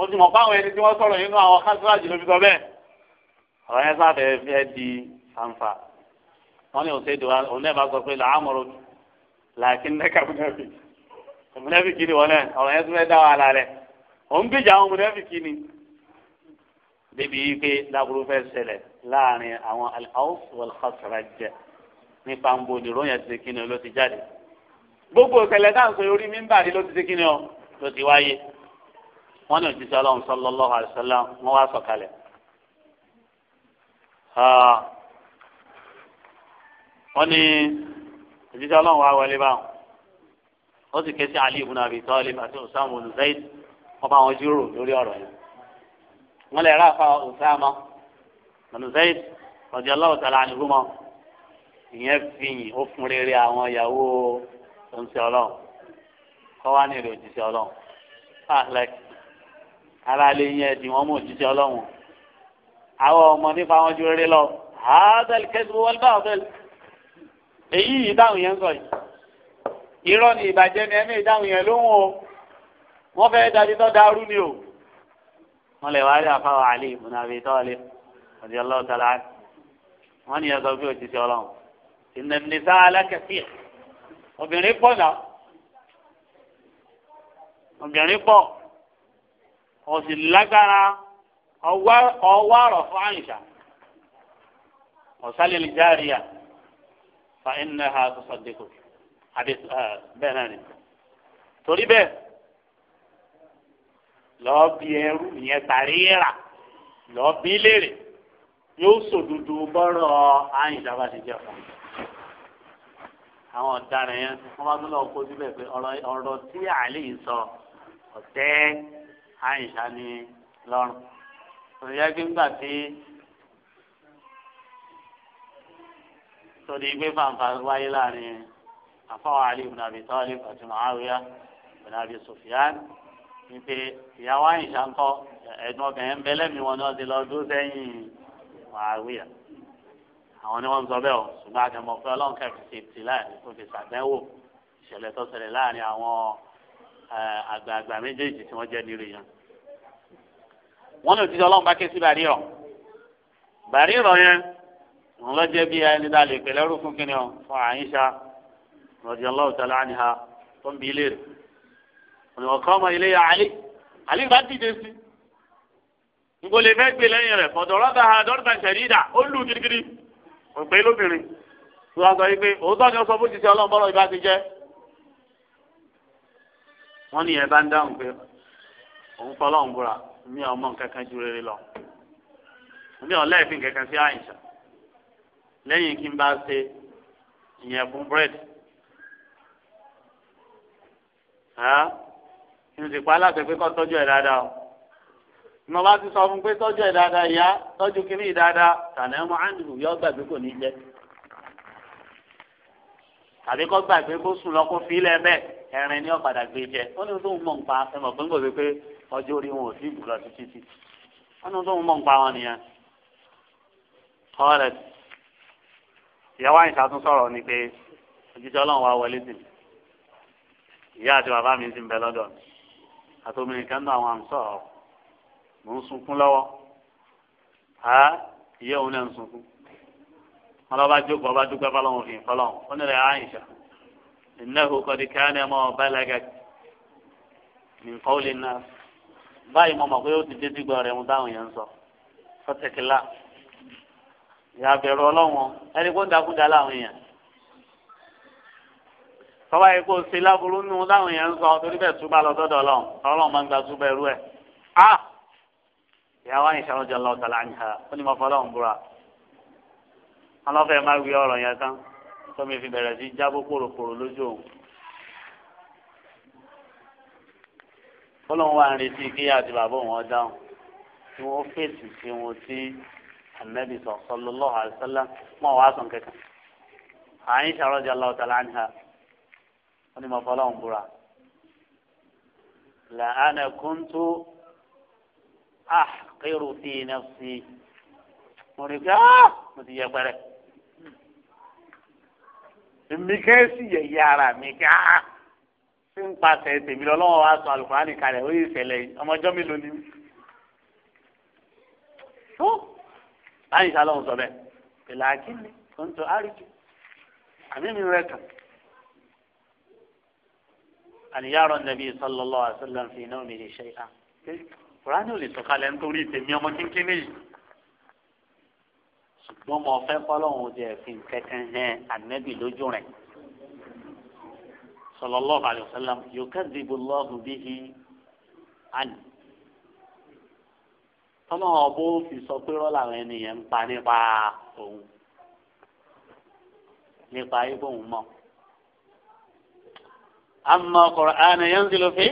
ó ti mọ̀ fáwọn ẹni tí wọ́n sọ̀rọ̀ nínú àwọn kásíwájú ló fi bẹ́ẹ̀ ọ̀rọ̀ yẹn sáfẹ́ fẹ́ di fanfa wọn ní òsè ìdìbò òun náà bá gbọ́ pé làámọ̀rọ̀ làákì nẹ́ka múnẹ́fì múnẹ́fì kìíní wọn náà ọ̀rọ̀ yẹn tún fẹ́ dá wàhálà rẹ̀ òun gbèjà àwọn múnẹ́fì kìíní. bíbí yìí pé láburú fẹ́ ṣẹlẹ̀ láàrin àwọn al-Aws wal-Khazraj nípa ń bo nìró yẹn ti ṣe kíni ló ti jáde gbogbo ìṣẹ̀lẹ̀ táwọn sọ orí mímbàdí ló ti ṣe kíni ọ ló ti wáyé wọn ní òjíṣẹ́ Ọlọ́run sallallahu alaihi wasallam wọn wá sọ̀kalẹ̀ wọ́n ní ìdíjọ́ ọlọ́run wá wọlé báwọn wọ́n sì ké sí Ali ibùn Abi Talib àti Usama ibn Zaid wọ́n bá wọn jíròrò lórí ọ̀rọ̀ yìí wọ́n lè ráfa Usama ibn Zaid radiyallahu ta'ala anhuma ìyẹn fi yìn ó fún rere àwọn ìyàwó oúnjẹ ọlọ́run kọ́ wá ní èrè òjíṣẹ́ ọlọ́run fáàlẹ́kì ara lè yẹn ẹ̀dì wọn mú òjíṣẹ́ ọlọ́run àwọn ọmọ nípa wọn ju lọ àádọ́lì kẹ́sìmọ́ wọlé báwọn bẹ́ẹ̀ èyí ìdáhùn yẹn ń sọ yìí irọ́ ni ìbàjẹ́ ni ẹ̀mí ìdáhùn yẹn ló ń wò wọ́n fẹ́ dájú tó darú ni o wọ́n lè wá rí àfáwọ̀ àlè ìmúnàbí tọ́lẹ̀ ọ̀dí ọlọ́run tọ́lá wọ́n ní ẹ̀sọ́ bí òjijì ọlọ́run ìnàmìlísà alákẹ́sì obìnrin pọ̀ náà obìnrin pọ̀ òsì lágbára ọwọ́ àrọ̀ fún àyìnṣà ọ̀sálẹ̀ lè járe yà fa iná ha tó sọdẹ́kù àti bẹ́ẹ̀ náà ni. torí bẹ́ẹ̀ lọ́ọ́ bí ẹrú ìyẹn tàrí rà lọ́ọ́ bí léèrè yóò sòdodo bọ́rọ̀ àyìnlá bá ti jẹ́ fún un àwọn ọ̀daràn yẹn wọ́n bá tún lọ kó síbẹ̀ pé ọ̀rọ̀ tí àlè yìí sọ ọ̀tẹ́ àyìnṣà ni lọ́rùn. òṣìṣẹ́ gbígbà tí torí gbé fàǹfà wáyé láàrin àfọwọ́ àlè ibùdó àbí tọ́lẹ̀ àti màáwíyá ibùdó àbí sùfìyàn wípé ìyàwó àyìnṣà ń kọ́ ẹ̀dùn ọkàn ń bẹ lẹ́mìí wọn ni wọ́n ti lọ dúró sẹ́yìn màáwíyá àwọn ni wọ́n ń sọ bẹ́ẹ̀ o ṣùgbọ́n àjẹmọ̀ pé ọlọ́run kẹfì ti tì láàrin tó fi ṣàgbẹ́wò ìṣẹ̀lẹ̀ tó ṣẹlẹ̀ láàrin àwọn àgbààgbà méjèèjì tí wọ́n jẹ́ nílé yẹn wọ́n ní òtítọ́ ọlọ́run bá ké sí bàrí ọ̀ bàrí ọ̀ yẹn. òun lọ jẹ́ bí ẹni dá lè pẹ̀lẹ́ rú fún kínní ọ fún àyíṣà radiyallahu ta'ala anha tó ń bi ilé rẹ̀ òun ọ̀kan ọmọ ilé ya ali ali bá dìde sí n kò lè fẹ́ gbé lẹ́yìn rẹ̀ fọ̀dọ̀ rọ́bà ha dọ́rọ̀bà ṣẹ̀rídà ó lù gidigidi lóbìnrin tó sọ òótọ́ ni ó sọ ti ti wọ́n lẹ́yìn kí n bá ṣe ìyẹn fún búrẹ́dì n sì pa aláṣẹ pé kọ́ tọ́jú ẹ̀ dáadáa o bá ti sọ fún pé tọ́jú ẹ̀ dáadáa ìyá tọ́jú yọ kò ní lọ fi ilẹ̀ bẹ́ẹ̀ ẹ̀rin ni gbé jẹ ó ní tó ń mọ̀ nípa pé ń pé ọjọ́ orí ìyàwó àyìnṣà tún sọ̀rọ̀ ni pé òjíṣẹ́ ọlọ́run wa wọlé sí mi ìyá àti bàbá mi ti ń bẹ lọ́dọ̀ mi àtòmìnir kan náà àwọn àǹsọ̀ mò ń sunkún lọ́wọ́ á ìyá òun náà ń sunkún wọn lọ́ba jókòó ọba dúpẹ́ fọlọ́run fi fọlọ́run ó nílẹ̀ àyìnṣà ìnáwó kọ́dí káyọ̀ mọ́ bẹ́lẹ́gẹ̀ nǹkan ó lè ná báyìí mo mọ̀ pé ó ti dé sígbọ́ rẹ̀ mo dáhùn yẹn ń sọ fọ́tẹ̀kìlá ìyá bẹ̀rù ọlọ́wọ́n ẹni kó ń dakúdà láwọn èèyàn tọ́wá yìí kó ṣe láburú nù láwọn èèyàn ń sọ torí bẹ́ẹ̀ túbà lọ sọ́dọ̀ ọlọ́run ọlọ́run máa ń gba túbà ẹrú ẹ̀ á ìyàwó àyìn ṣàlọ́jọ lọ tàlà àyìnká ó ní mo fọ́ ọlọ́run búra ọlọ́fẹ́ má wí ọ̀rọ̀ yẹn tán tómi fi bẹ̀rẹ̀ sí jábọ́ kòròkòrò lójú òun ọlọ́run wà ń retí anabi sallallahu alaihi wasallam mọ wàá sùn kankan Aisha radiyallahu ta'ala anha wọn ni mo fọlọ́ ń búra la ana kuntu ahqiru fi nafsi mo ní ká mo ti yẹ pẹrẹ èmi kẹ́ sì yẹ̀yẹ́ ara mi ká sí ń pàṣẹ tèmi lọ́wọ́ wa sọ àlùkò ànìkalẹ̀ ó yẹ ìṣẹ̀lẹ̀ ọmọjọ́ mi lónìí láyìn sá lọ́hùn sọ bẹ́ẹ̀ pẹ̀lú àkínní tó ń tọ́ àríjì àmì mi rẹ̀ kàn. àníyàrá nàbí sallallahu alaihi wasallam fi nawmihi shay'an kùránì ò lè sọ̀kalẹ̀ nítorí tèmi ọmọ kínkínní yìí ṣùgbọ́n mo fẹ́ fọlọ́hún jẹ́ fi kẹ́kẹ́ hẹ́n ànẹ́bì lójú rẹ̀ sallallahu alaihi wasallam yukadhibu Allahu bihi àná ọlọ́run ọ̀bọ fi sọ pé rọ́lá àwọn ènìyàn ń pa nípa òun nípa ibò òun mọ̀. àmọ́ Kùránì yẹn ń ti lò fi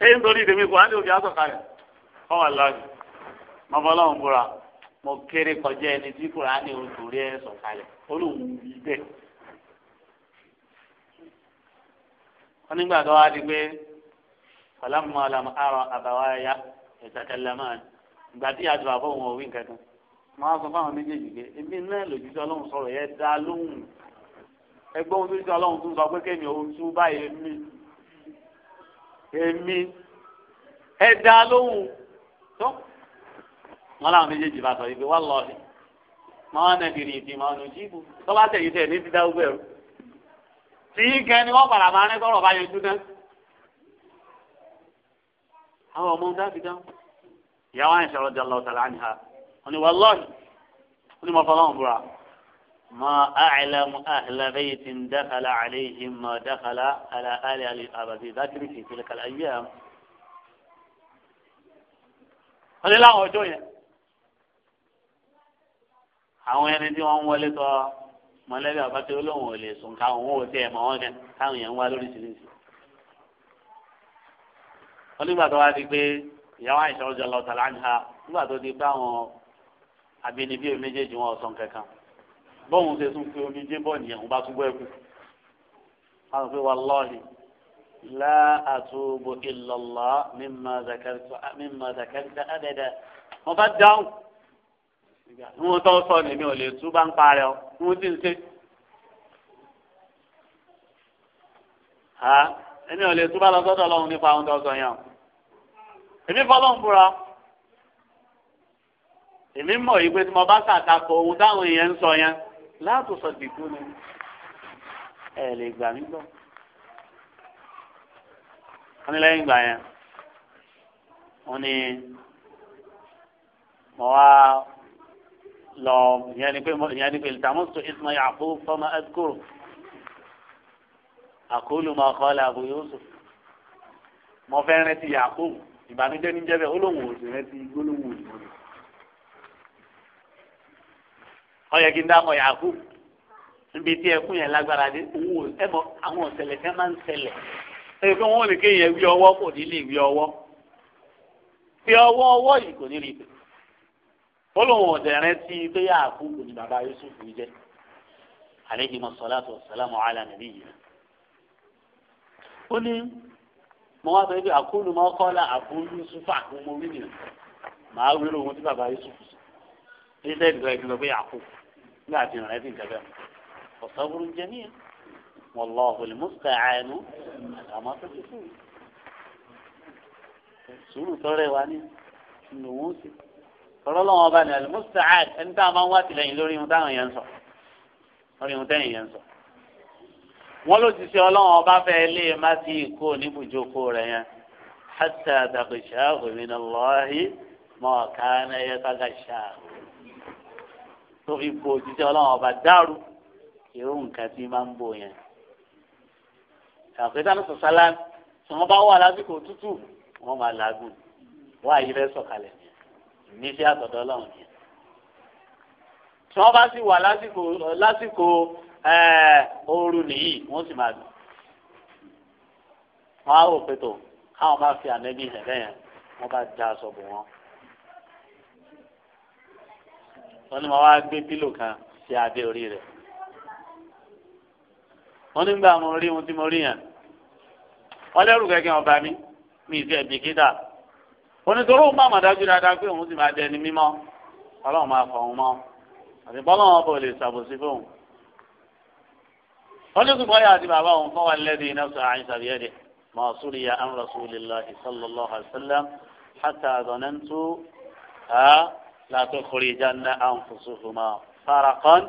ṣé nítorí ìdèmí kò á ní òkè àtọ̀kalẹ̀ kọ́ wà lọ́ọ̀dì mọ́bọ́lọ́hún búra mo kéré kọjá ẹni tí Kùránì oṣù rí ẹ̀ sọ̀kalẹ̀ olóhùn yìí bẹ́ẹ̀. wọ́n nígbà tó wá di pé ọ̀làmúhàlámù àrọ̀ àbáwáyá ìtàkàlámán ìgbà tí àdúrà fọwọn òwì kankan máa sọ fáwọn méjèèjì pé èmi náà lòjúṣe ọlọ́run sọ̀rọ̀ yẹn dá lóhùn ẹgbẹ́ ohun lójúṣe ọlọ́run tún sọ pé kémi òun tún báyìí mi èmi ẹ dá lóhùn tó wọn làwọn méjèèjì bá sọ yìí pé wà lọ́ọ̀sì máa nà kiri ìdí máa nù jíìbù tọ́lá tẹ̀yìn tẹ̀ ní ti dá gbẹ̀rù tí kẹ́ni wọ́n padà máa rẹ́ tọ́rọ̀ bá yẹn dúná àwọn ọmọ dábì dáhùn ìyàwó àyìnṣẹ́ ọ̀rọ̀ jẹ́ lọ́tà láàánú ha wọ́n ní wàlọ́ọ̀hì wọ́n ní mo fọlọ́run búra ma àìlẹ́mu àìlẹ́bẹ́yì ti ń dákàlà àléhì ma dákàlà àlà àlẹ́ àlẹ́ àbàbí bákìrì fi ìpìlẹ̀ kàlà yí ẹ̀ wọ́n ní láwọn ọjọ́ yẹn àwọn ẹni tí wọ́n wọlé tọ́ mọ̀lẹ́bí àbákẹ́ olóhùn ò lè sùn káwọn ò tẹ̀ mọ́ wọn kẹ́ káwọn yẹn ń wá lóríṣiríṣi wọn nígbà tó wá di pé ìyàwó àìsàn ọjọ́ lọ tàlà ń ha nígbà tó di pé àwọn abínibí méjèèjì wọn sọ kankan bọ́ọ̀hún ṣe tún fi omi jẹ́ bọ́ọ̀ nìyẹn òun bá tún bọ́ ẹ̀kú wọn fi wallahi la atubu illallah mimma zakarta mimma zakarta abada wọn bá dáhùn wọn tó sọ ni mi ò lè tú bá ń parẹ́ ọ wọn ti ń ṣe èmi ò lè túbà lọ sọ́dọ̀ ọlọ́run nípa ohun tó sọ yẹn o èmi fọlọ́run fúnra èmi mọ̀ yìí pé tí mo bá ṣàtakò ohun táwọn èèyàn ń sọ yẹn látòsọ dìgbò ni ẹ lè gbà mí gbọ́ wọ́n ní lẹ́yìn ìgbà yẹn wọ́n ní mo wá lọ ìyẹn ni pé ìyẹn ni pé ìtàmọ́sọ ìtumọ̀ yàgò fọmọ ẹdúkúrò àkólù máa kọ́ ọ́lẹ̀ Abu Yusuf mo fẹ́ rántí Yakub ìbànújẹ́ ní jẹ́bẹ̀ olóhùn òsì rántí gbólóhùn òsì rẹ̀ ó yẹ kí n dákọ̀ Yakub níbi tí ẹkún yẹn lágbára dé owó ẹ̀mọ́ àwọn ọ̀sẹ̀lẹ̀ fẹ́ máa ń ṣẹlẹ̀ ẹ̀ pé wọ́n lè kéèyàn wí ọwọ́ kò ní lè wí ọwọ́ fi ọwọ́ ọwọ́ yìí kò ní rí ibẹ̀ olóhùn ọ̀dẹ̀rẹ́ tí tó yà á kò ní bàbá Yusuf jẹ́ àlejò mọ̀ sọ́lá tó sọ́lá mọ́ àlànà nìyí ó ní mo wá sọ pé àkúlù máa kọ́ la àbú yusufa àkún mo wí nìyẹn màá wí lóhun tí bàbá yusufu sọ ní sẹ́yìn ìgbà ìgbà pé àkú nígbà tí ìrìn rẹ̀ ti ń jẹ́ bẹ́ẹ̀ ọ̀sán burú jẹ́ níyẹn wàlláhu lmùsàánù àmọ́ tó ti fún mi. sùúrù tọrẹ wa ní nùwó sí. tọrọ lọ́wọ́ ọba ní àlùmùsàánù ẹni tá a máa ń wá tìlẹ́yìn lórí ohun táwọn yẹn ń sọ lórí ohun tẹ́yìn yẹn ń sọ wọ́n ló ti ṣe ọlọ́run ọba fẹ́ lé e má ti kó níbùjókòó rẹ̀ yẹn hàtà àtàkùṣà òmìnira lọ́ọ́hí mọ̀ kánà yẹ kágàṣà tó fi bo òjíṣẹ́ ọlọ́run ọba dàrú irú nǹkan tí máa ń bò yẹn. àpẹtàn sọ̀sálà tí wọ́n bá wà lásìkò tútù wọ́n máa làágùn wọ́n àyè fẹ́ sọ̀kalẹ̀ ní sí àtọ̀dọ̀ ọlọ́run yẹn. tí wọ́n bá sì wà lásìkò lásìkò ooru nìyí wọ́n sì máa dùn wọ́n á wò pé tó káwọn bá fi ànẹ́bí hẹ̀ lẹ́yìn wọ́n bá já aṣọ bò wọ́n. wọ́n ní wọ́n wá gbé pílò kan sí abẹ́ orí rẹ̀ wọ́n nígbà mo rí ohun tí mo rí yẹn wọ́n lẹ́rù gẹ́gẹ́ ọba mi mi ì sí ẹ̀bì kíta onítorí òun máa màdájú dáadáa pé òun sì máa dẹni mímọ́ ọlọ́run máa fọ òun mọ́ àti bọ́lá wọn bò lè ṣàbòsí fóun wọ́n ní sùgbọ́n yà àti bàbá òun fọwọ́ lẹ́bi iná sọ àyìn sàbí ẹ̀dẹ̀ màá sórí ya an rasulillahi sallallahu alaihi wasallam hatta zanantu ha la tukhrijanna anfusuhuma faraqan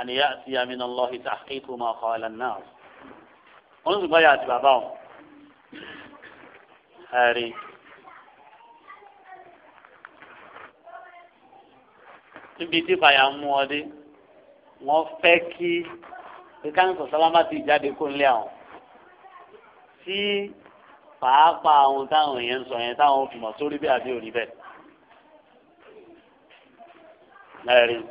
an ya'tiya min Allahi tahqiqu ma qala an-nas wọ́n ní sùgbọ́n yà àti bàbá òun ẹ̀rí. níbi tí fàyà ń mú ọ dé wọ́n fẹ́ kí kíkà ń sọ̀sọ́lá má ti jáde kó nílé àwọn tí pàápàá àwọn táwọn èèyàn ń sọ yẹn táwọn fi mọ̀ sórí bí àbí òní bẹ́ẹ̀. lẹ́rìn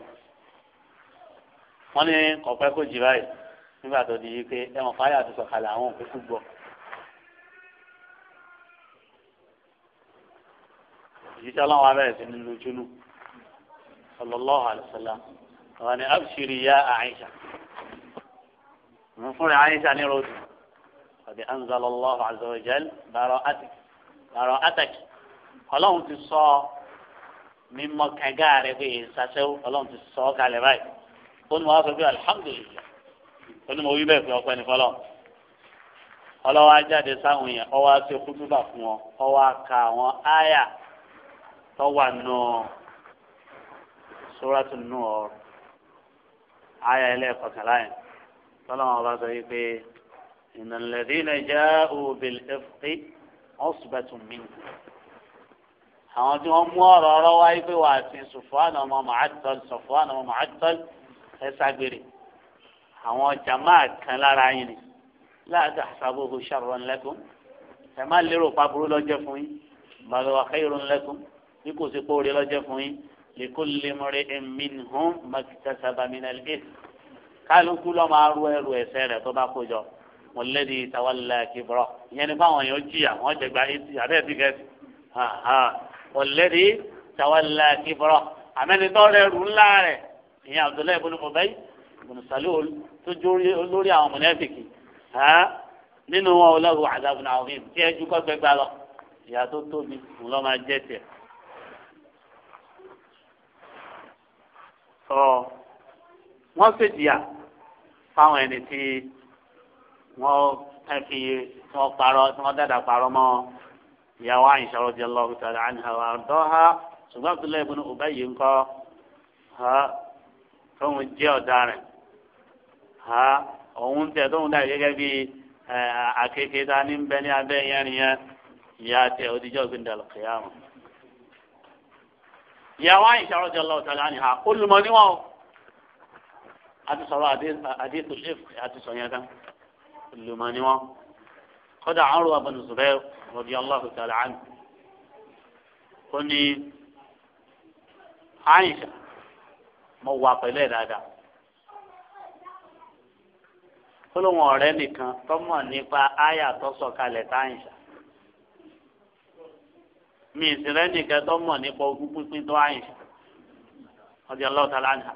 wọ́n ní ọ̀pẹ́ kò jì báyìí nígbà tó di wípé ẹ̀wọ̀n fáyà ti sọ̀kalẹ̀ àwọn òkúkú gbọ́. ìjíṣẹ́ ọlọ́run abẹ́rẹ́ sí nínú júnú sallallahu alaihi wasallam ni abshiri ya Aisha ń fúnra àyíṣà ní ròdù ọ̀dẹ anzalallahu azza wa jal bàrọ̀ àtàkì ọlọ́run ti sọ mímọ́ kẹgà rẹ pé ìsàṣẹ́wó ọlọ́run ti sọ ọ́ kalẹ̀ báyìí ó ní wàá sọ pé alihamudulilayi ó ní mo wí bẹ́ẹ̀ pé ọpẹ́ ní fọlọ́ ọlọ́wọ́ ajáde sáwọn yẹn ọwọ́ á ṣe kútúbà fún wọn ọwọ́ á ka àwọn áyà tó wà nù sóràtún nù ọ áyà ẹlẹ́ẹ̀kọ̀kànlá yẹn tọ́lọ́wọ́n bá sọ wípé ìnàlẹ́dínà ja'u bil ifqi usbatun minkum. àwọn tí wọ́n mú ọ̀rọ̀ ọ̀rọ̀ wá wípé wà á sin Sufwan ọmọ Mu'attal Sufwan ọmọ Mu'attal ẹ ságbére àwọn jàmáà kan lára yín ni la tahsabuhu sharran lakum ẹ má lérò pàbùrú lọ́jọ́ fún yín bal huwa khayrun bí kò sí pòórè lọ́jọ́ fún yín li kulli mri'in minhum maktasaba minal ithm kálukú lọ máa ru ẹrù ẹ̀ṣẹ̀ rẹ̀ tó bá kó jọ mọlẹbi tawalẹ kibọrọ ìyẹn ní fáwọn èèyàn jìyà wọn jẹgba etí abẹ ti gẹẹsì mọlẹbi tawalẹ kibọrọ àmẹnitọ rẹ rù ńlá rẹ ìyẹn abdullahi ibùdó mọbẹ ibùdó salihul tó jórí olórí àwọn mọlẹbìkì nínú wọn olóòwò àdàbùnà àwọn yìí tí ẹjú kọ gbẹgbà lọ ìyá tó tóbi ńlọ máa jẹ tiẹ wọ́n sì fáwọn ẹni tí wọ́n fi wọ́n parọ́ tí wọ́n dàda parọ́ mọ́ ìyàwó àyìnṣà radiyallahu ta'ala anha wa ardaha ṣùgbọ́n Abdullahi ibn Ubay yìí ń kọ́ tóun jẹ́ ọ̀daràn òun tẹ̀ tóun dà gẹ́gẹ́ bíi àkekèé ta ní bẹ́ẹ̀ ní abẹ́ yẹn nìyẹn ìyá tẹ̀ òdìjọ́ gbẹ̀ndàlọ́ kìyàmù ìyàwó àyìnṣà radiyallahu ta'ala anha olùmọ̀ níwọ̀n àti sọ̀rọ̀ àdéhùn ṣèfù àti sọ̀yẹn tán lùmọ̀ ni wọ́n kódà Urwa ibn Zubair radiyallahu ta'ala anhu ó ní Aisha mo wà pẹ̀lú ẹ̀ dáadáa fọlọ́wọ́n ọ̀rẹ́ nìkan tọ́mọ̀ nípa àyà tó sọ̀kalẹ̀ táyìnṣà mi ìsìnrẹ́ nìkan tọ́mọ̀ nípa ogún pínpín tó àyìnṣà ọdí ọlọ́ọ̀tà lánàá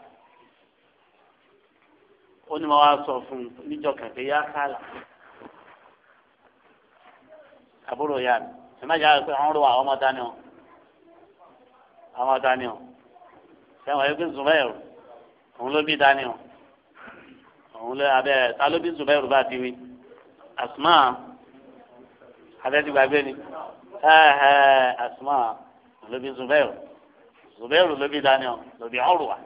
ó ní mo wá sọ fún un níjọ kẹfẹ yá kálá àbúrò yá mi ẹ má yára pé àwọn ọ̀rọ̀ àwọn ọmọ dání o àwọn dání o sẹwọn ẹgbẹ zùmẹrù òun ló bí dání o òun ló abẹ ta ló bí zùmẹrù bá ti wí asuma abẹ́tí ni ẹ̀ẹ́ ló bí zùmẹrù zùmẹrù ló bí dání o ló bí ọrùwà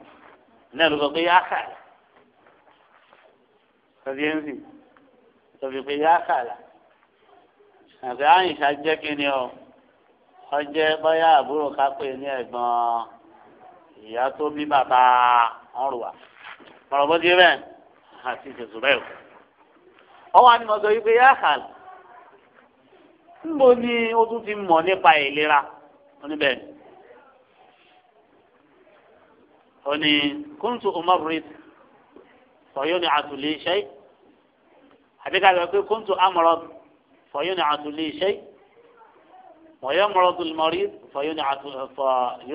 náà ló sọ pé yá kálá sọ́díẹ́nsì tọ́bi pé yá kàlà àti àyìnṣà jẹ́ kí ni ọ ọjẹ́ bọ́yá àbúrò kápẹ́ ní ẹ̀gbọ́n ìyá tó bí bàbá ọ̀rùwà mọ̀rọ̀ bó ti bẹ́ẹ̀ àti ìṣèṣù bẹ́ẹ̀ o. ọwọ́ àni mo sọ wípé yá kàlà níbo ni ó tún ti mọ̀ nípa ìlera oníbẹ̀ ó ní kóńtù ọmọ bùrẹ́tì fọyọ́ ni àtúlẹ̀ iṣẹ́ àbíká lọ pé kóńtù amọ̀rọ̀ fọyọ́ ni àtúlẹ̀ iṣẹ́ wọ́yọ́ mọ̀rọ̀ tó mọ̀rí fọyọ́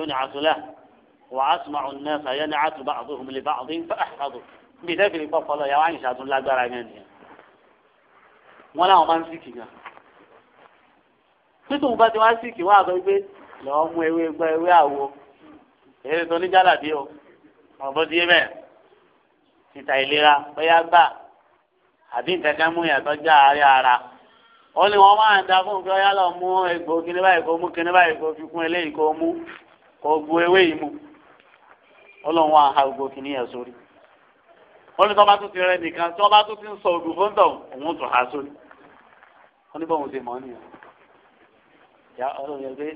ni àtúlẹ̀ wà á sùnmọ̀ ọ̀nà fọyọ́ ni àtúbà àtúhùn lè bá àtúhùn fẹ́ àtúhù níbi ìtẹ́ fìlì pọ̀pọ̀ lọ yàrá ìṣà tó wọn bá ti wá sìkì wọn àgbẹ̀ gbé lọ́ọ́ mú ewé gbọ́ ewé àwo èyí tó ní jálàbí o ọ̀bọ̀n ti yé títa ìlera bóyá gbà àbí nǹkan kan mú yàtọ̀ já àárẹ̀ ara ó ní wọn máa ń da fún nǹkan yálà mú egbò kíní báyìí kó mú kíní báyìí kó fi kún eléyìí kó mú kó gbu ewé yìí mú ó lóun wá ha gbogbo kíní yẹn sórí ó ní tọ́ba tó ti rẹ nìkan tí ọba tó ti ń sọ ògùn fún tọ̀ òun tó ha sórí ó ní bọ́ọ̀hún ṣe mọ́ nìyẹn ya ọlọ́run yẹn pé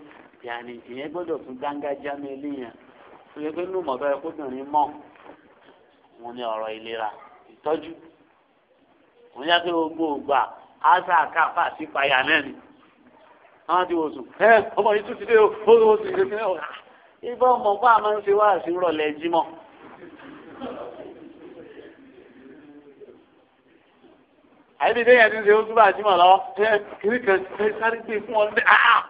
yàní ìyẹn gbọ́dọ̀ tún gbáńgájá mi léèyàn ó yẹ pé nínú mọ̀tọ́ òun ni ọ̀rọ̀ ìlera ìtọ́jú òun yá pé gbogbo ògbà áṣà àkàfà sí payà náà ni àwọn ti wò sùn ẹ ọmọ yìí tún ti dé o ó lọ sí ìdílé ọ̀rá ibà ọmọ bá a máa ń ṣe wá sí rọ̀lẹ́ jímọ̀. àyè ti dé yẹn ti ń ṣe ó túbà jímọ̀ lọ kiri kan sáré gbé fún ọ ní. Ah, ah,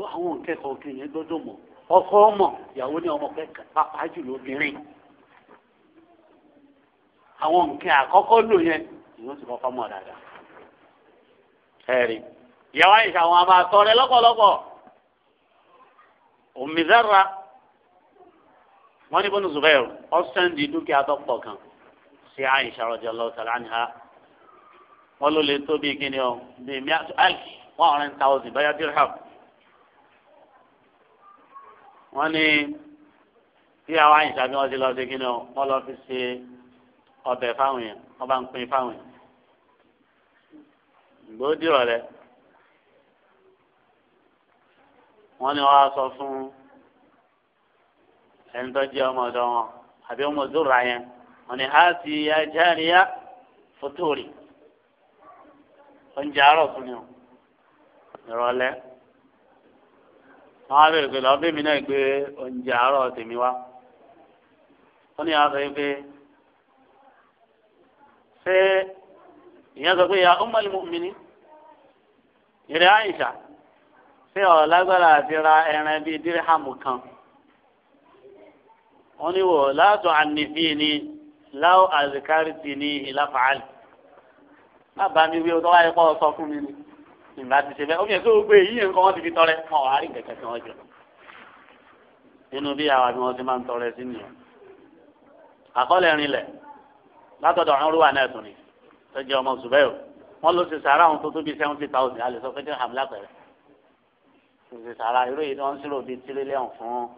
so àwọn nkẹ́kọ̀ọ́ kìnìún yẹn gbọ́dọ̀ mọ̀ ọkọ ọmọ ìyàwó ní ọmọ kẹ́kẹ́ pàápàá jùlọ obìnrin àwọn nkẹ́ àkọ́kọ́ lò yẹn ìyẹn ti kọ́kọ́ mọ̀ dáadáa ẹ̀rí ìyàwó àyíṣà àwọn àmà àtọ̀rẹ́ lọ́pọ̀lọpọ̀ òmìnira wọ́n ní bọ́nù Zubair ọ̀sán di dúkìá tó kan sí àyíṣà radiyallahu ta'ala anha wọ́n ló lè tó bíi kíni ọ bíi miatu alf one hundred thousand báyà dirham wọ́n ní bí àwọn àyìnṣà bí wọ́n ti lọ sí kíni o wọ́n lọ fi ṣe ọbẹ̀ fáwọn yẹn wọ́n bá ń pín fáwọn yẹn gbòó dìrọ̀lẹ́ wọ́n ní wọ́n á sọ fún ẹni tó jẹ́ ọmọ ọ̀dọ́ wọn àbí ọmọ zòrà yẹn wọ́n ní ha ti ajáríyá fótó rè oúnjẹ àárọ̀ fún mi ìrọ̀lẹ́ àwọn abẹ́rẹ́ pé lọ́ọ́ bẹ́mi náà gbé oúnjẹ àárọ̀ tèmi wá wọ́n ní àwọn sọ yìí pé ṣé ìyẹn sọ pé ya ummul mu'minin ìrẹ́ àyíṣà ṣé ọ̀ lágbára àti ra ẹran bíi díríhàmù kan wọ́n ní wò látọ̀ ànífíìní láwọ̀ àzìkárìtì ní ìlàfàálì má bàa mi wí o tó wáyé pọ̀ sọ fún mi ni ìgbà ti ṣe bẹ́ẹ̀ omi ẹ̀sọ́ gbogbo èyí nǹkan wọ́n ti fi tọrẹ mọ́ wàá rí kẹ̀kẹ́ tí wọ́n jọ. nínú bí àwa bí wọ́n ti máa ń tọrẹ sí nìyẹn. àkọọ́lẹ̀ rinlẹ̀ látọ̀dọ̀ ọ̀run rúwà náà tún ni tó jẹ́ ọmọ ṣùgbẹ́ o wọ́n ló ti sàárà ohun tó tó bíi seventy thousand a lè sọ pé kí hàm lápẹ̀rẹ̀. ìṣe sàárà irú èyí tí wọ́n ń ṣírò bíi tírílíọ̀n fún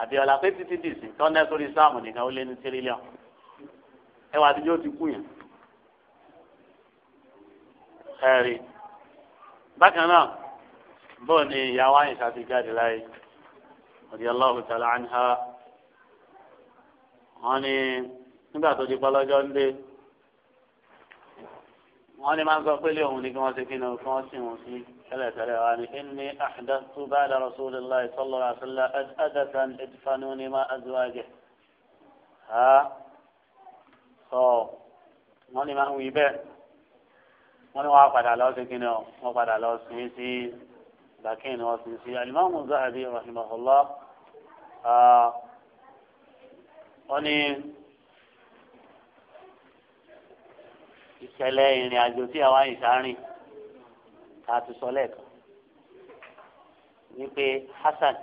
Abíọ́lá pé títí dìsìn tọ́nẹ́ sórí sáàmù nìkan ó lé ní tírílíọ̀n ẹwà àtijọ́ ti kú yẹn bákan náà bóò ni ìyàwó àyìnṣà ti jáde láyé radiyallahu ta'ala anha wọ́n ní nígbà tó di pọ́lọ́jọ́ ń dé wọ́n ní máa ń sọ pé lé òun ni kí wọ́n ṣe kí ni kí wọ́n sì wọ́n sí tẹ́lẹ̀tẹ́lẹ̀ wa ni inni ahdathu ba'da rasulillahi sallallahu alaihi wasallam adatan idfanuni ma azwajihi ha sọ wọ́n ní máa ń wí bẹ́ẹ̀ wọ́n ní wọ́n á padà lọ sí kíni ọ wọ́n padà lọ sí sí bàkín wọ́n sì sí alimami zahabi rahimahullah wọ́n ní ìṣẹ̀lẹ̀ ìrìn àjò tí àwa ìsárìn ká ti sọ lẹ́ẹ̀kan wípé hasan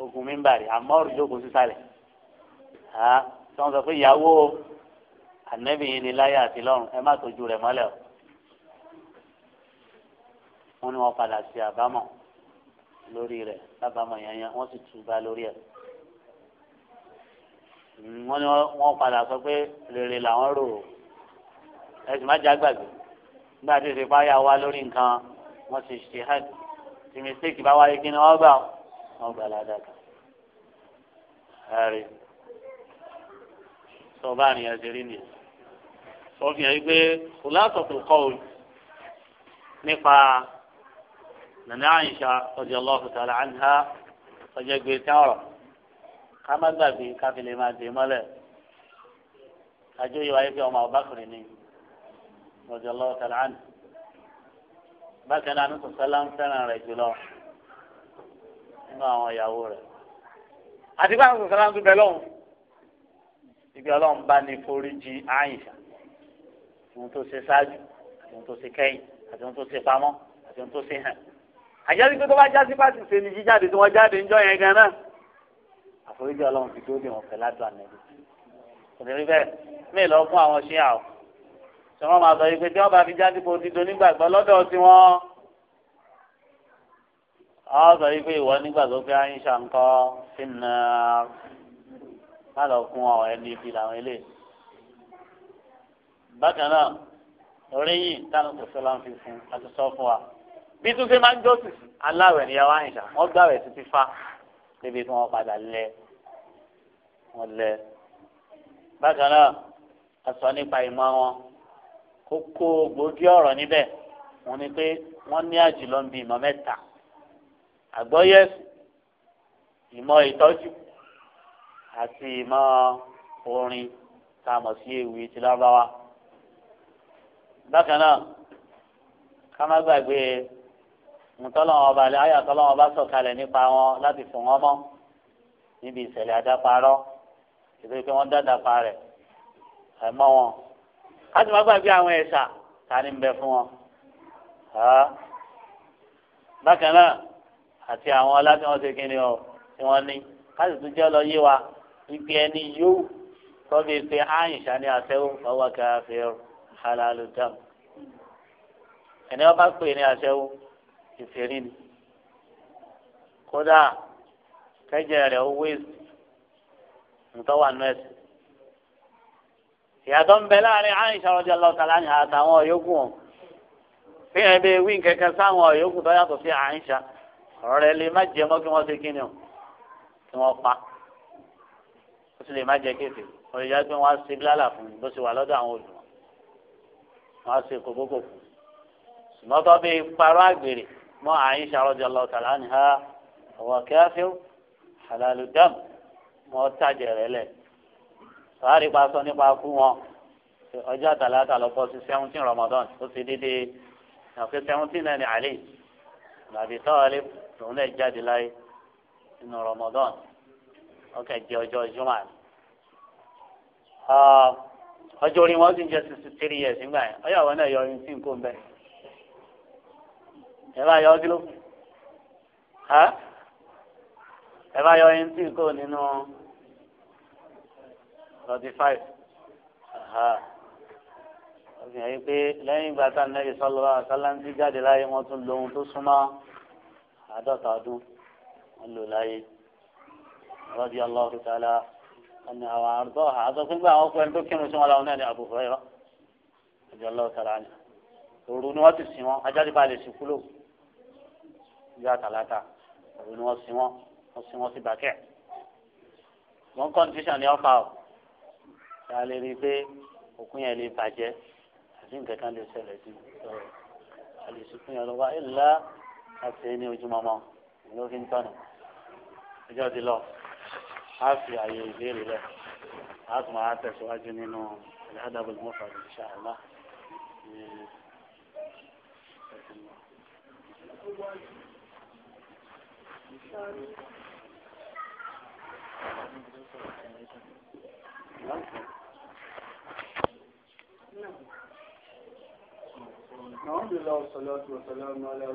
ogun mímbàrí amọ́rù jókòó sísàlẹ̀ tí wọ́n sọ pé ìyàwó ànẹ́bìyìn ni láyé àti lọ́run ẹ má tójú rẹ̀ mọ́lẹ̀ o wọ́n ní wọ́n padà sí àbámọ̀ lórí rẹ̀ lábàámọ̀ yẹnyẹn wọ́n sì túba lórí ẹ̀ wọ́n ní wọ́n padà sọ pé rere làwọn rò ó ẹ̀sìn má jẹ́ àgbàgbé nígbà tí ìsèpá yà wá lórí nǹkan wọ́n sì ṣe hàn tí mistake bá wáyé kí ni wọ́n gbà wọ́n gbà ládàkà ẹ̀rí sọ bá nìyẹn ṣe rí nìyẹn sọ fi hàn yí pé kò lásọ̀tò kọ́ òyìn nípa nana Aisha radiyallahu ta'ala anha ọjọ́ gbé táwọ̀rọ̀ ká má gbàgbé káfí lè máa dè mọ́lẹ̀ àjọ yìí wáyé pé ọmọ Abubakar ni radiyallahu ta'ala anhu bákan náà ní sọ̀sálà ń fẹ́ràn rẹ̀ jùlọ nínú àwọn ìyàwó rẹ̀ àti báwọn sọ̀sálà ń tún bẹ lọ́hùn ibi ọlọ́run bá ní foríjì Aisha ohun tó ṣe ṣáájú ohun tó ṣe kẹ́yìn àti ohun tó ṣe pamọ́ àti ohun tó ṣe hàn àjẹsí pé tó bá jásí pàṣẹ ṣe ni jíjáde tí wọ́n jáde ńjọ́ yẹn gan náà àforíjì ọlọ́run ti dúró dè wọ́n pẹ̀lú àdúrà nẹ́bí òdìrí bẹ́ẹ̀ míì lọ fún àwọn ṣíà o tí wọ́n máa sọ yìí pé tí wọ́n bá fi jáde pé o ti lọ́dọ̀ tí wọ́n ọ sọ yìí pé ìwọ nígbàgbọ́ pé ayé ṣàǹkọ́ sí nà má lọ fún ọ ẹni ibi làwọn eléyìí bákan náà oríyìn táwọn kò sọ láǹfin fún àti sọ fún wa bí túnṣe máa ń jọ́sìn sí aláwẹ̀ níyàwó àyìnṣà wọ́n gbàwẹ̀ títí fá níbi tí wọ́n padà lẹ wọ́n lẹ. bákan náà a sọ nípa ìmọ̀ wọn kókó gbòógì ọ̀rọ̀ níbẹ̀ wọ́n ní pé wọ́n ní àjùlọ ń bi ìmọ̀ mẹ́ta àgbọ́yé ìmọ̀ ìtọ́jú àti ìmọ̀ orin tá a mọ̀ sí ewì ti lárúbáwá. bákan náà ká má gbàgbé ntọ́lọ́wọ́n ọba alẹ́ ayé àtọ́lọ́wọ́n ọba sọ̀kalẹ̀ nípa wọn láti fò wọ́n mọ́ níbi ìṣẹ̀lẹ̀ àdáparọ́ ìdókè pé wọ́n dáadáa pa rẹ̀ ẹ̀ mọ́ wọn. a ti máa gbàgbé àwọn ẹ̀ṣà ta ni ń bẹ fún wọn. bákan náà àti àwọn ọlá tí wọ́n ṣe kíni ọ tí wọ́n ní ká sì jẹ́ lọ yé wa wípé ẹni yóò tọ́bi pé àyìnṣà ni àṣẹwò fọwọ́ kẹfẹ́ halalu dam ẹni ọba pè ní àṣẹwò kẹfẹ́rin ni kódà kẹjẹ rẹ̀ ó wéèsì ntọ́wà nọ́ọ̀sì ìyàtọ̀ ń bẹ láàrin Aisha radiyallahu ta'ala anha àtàwọn ọ̀yọ́kù wọn fi hàn bí ewì kẹ̀kẹ́ sáwọn ọ̀yọ́kù tó yàtọ̀ sí Aisha ọ̀rọ̀ rẹ̀ lè má jẹ mọ́ kí wọ́n ṣe kí ni o kí wọ́n pa ó sì lè má jẹ kéèké olùyá pé wọ́n á ṣe bílálà fún mi bó ṣe wà lọ́dọ̀ àwọn olùmọ̀ wọ́n á ṣe kòbókò fún mi ṣùgbọ́n tó bí parọ́ àgbèrè ما àyíṣà radiyallahu ta'ala anha wa kafir halalu dam mọ́ tàjẹ̀rẹ̀ lẹ̀ sọ́hárí pa sọ nípa fún wọn ọjọ́ àtàlátà lọ́pọ̀ sí seventeen Ramadan ó ti dídé àfi seventeen náà ní àlè làbí tọ́wọ́lé lòun náà jáde láyé nínú Ramadan ọkàn jẹ ọjọ́ jùmọ̀ ah, ọjọ́ orí wọn sì ń jẹ sixty three years nígbà yẹn ọyọ àwọn náà yọ ọyún tí nǹkó ń bẹ́ẹ̀ ẹ bá yọ kí ló kù ẹ bá yọ ẹni tí kò nínú thirty five ọ̀sìn yẹn pé lẹ́yìn ìgbà tá nẹ́bí sọ́lọ́wọ́ sáláńtì jáde láyé wọ́n tún lo ohun tó súnmọ́ àádọ́ta ọdún wọ́n lò láyé rọ́bì ọlọ́run tààlà ẹni àwọn àrùbọ̀ àtọ́ pípẹ́ àwọn ọkùnrin tó kírun sí wọn làwọn náà ní àbùkù rẹ̀ rọ́ rọ́bì ọlọ́run tààlà ni òru ni wọ́n ti sìn wọn ajáde bá lè sìnkú lóko ìjọ àtàlátà òun ni wọ́n sin wọ́n wọ́n sin wọ́n sí bàkẹ́ wọ́n kọ́ndíṣàn ní ọ́fà o ṣáà lè rí i pé òkun yẹn lè bàjẹ́ àti nǹkan kan lè ṣẹlẹ̀ sí àlùsùkún yẹn lọ́wọ́ ìlà àti ní ojúmọ́mọ́ ìlú fi ń tọ̀nà ọjọ́ ti lọ a fi àyè ìbéèrè lẹ̀ a tún máa tẹ̀síwájú nínú الأدب المفرد إن شاء الله Sorry. No. No. No.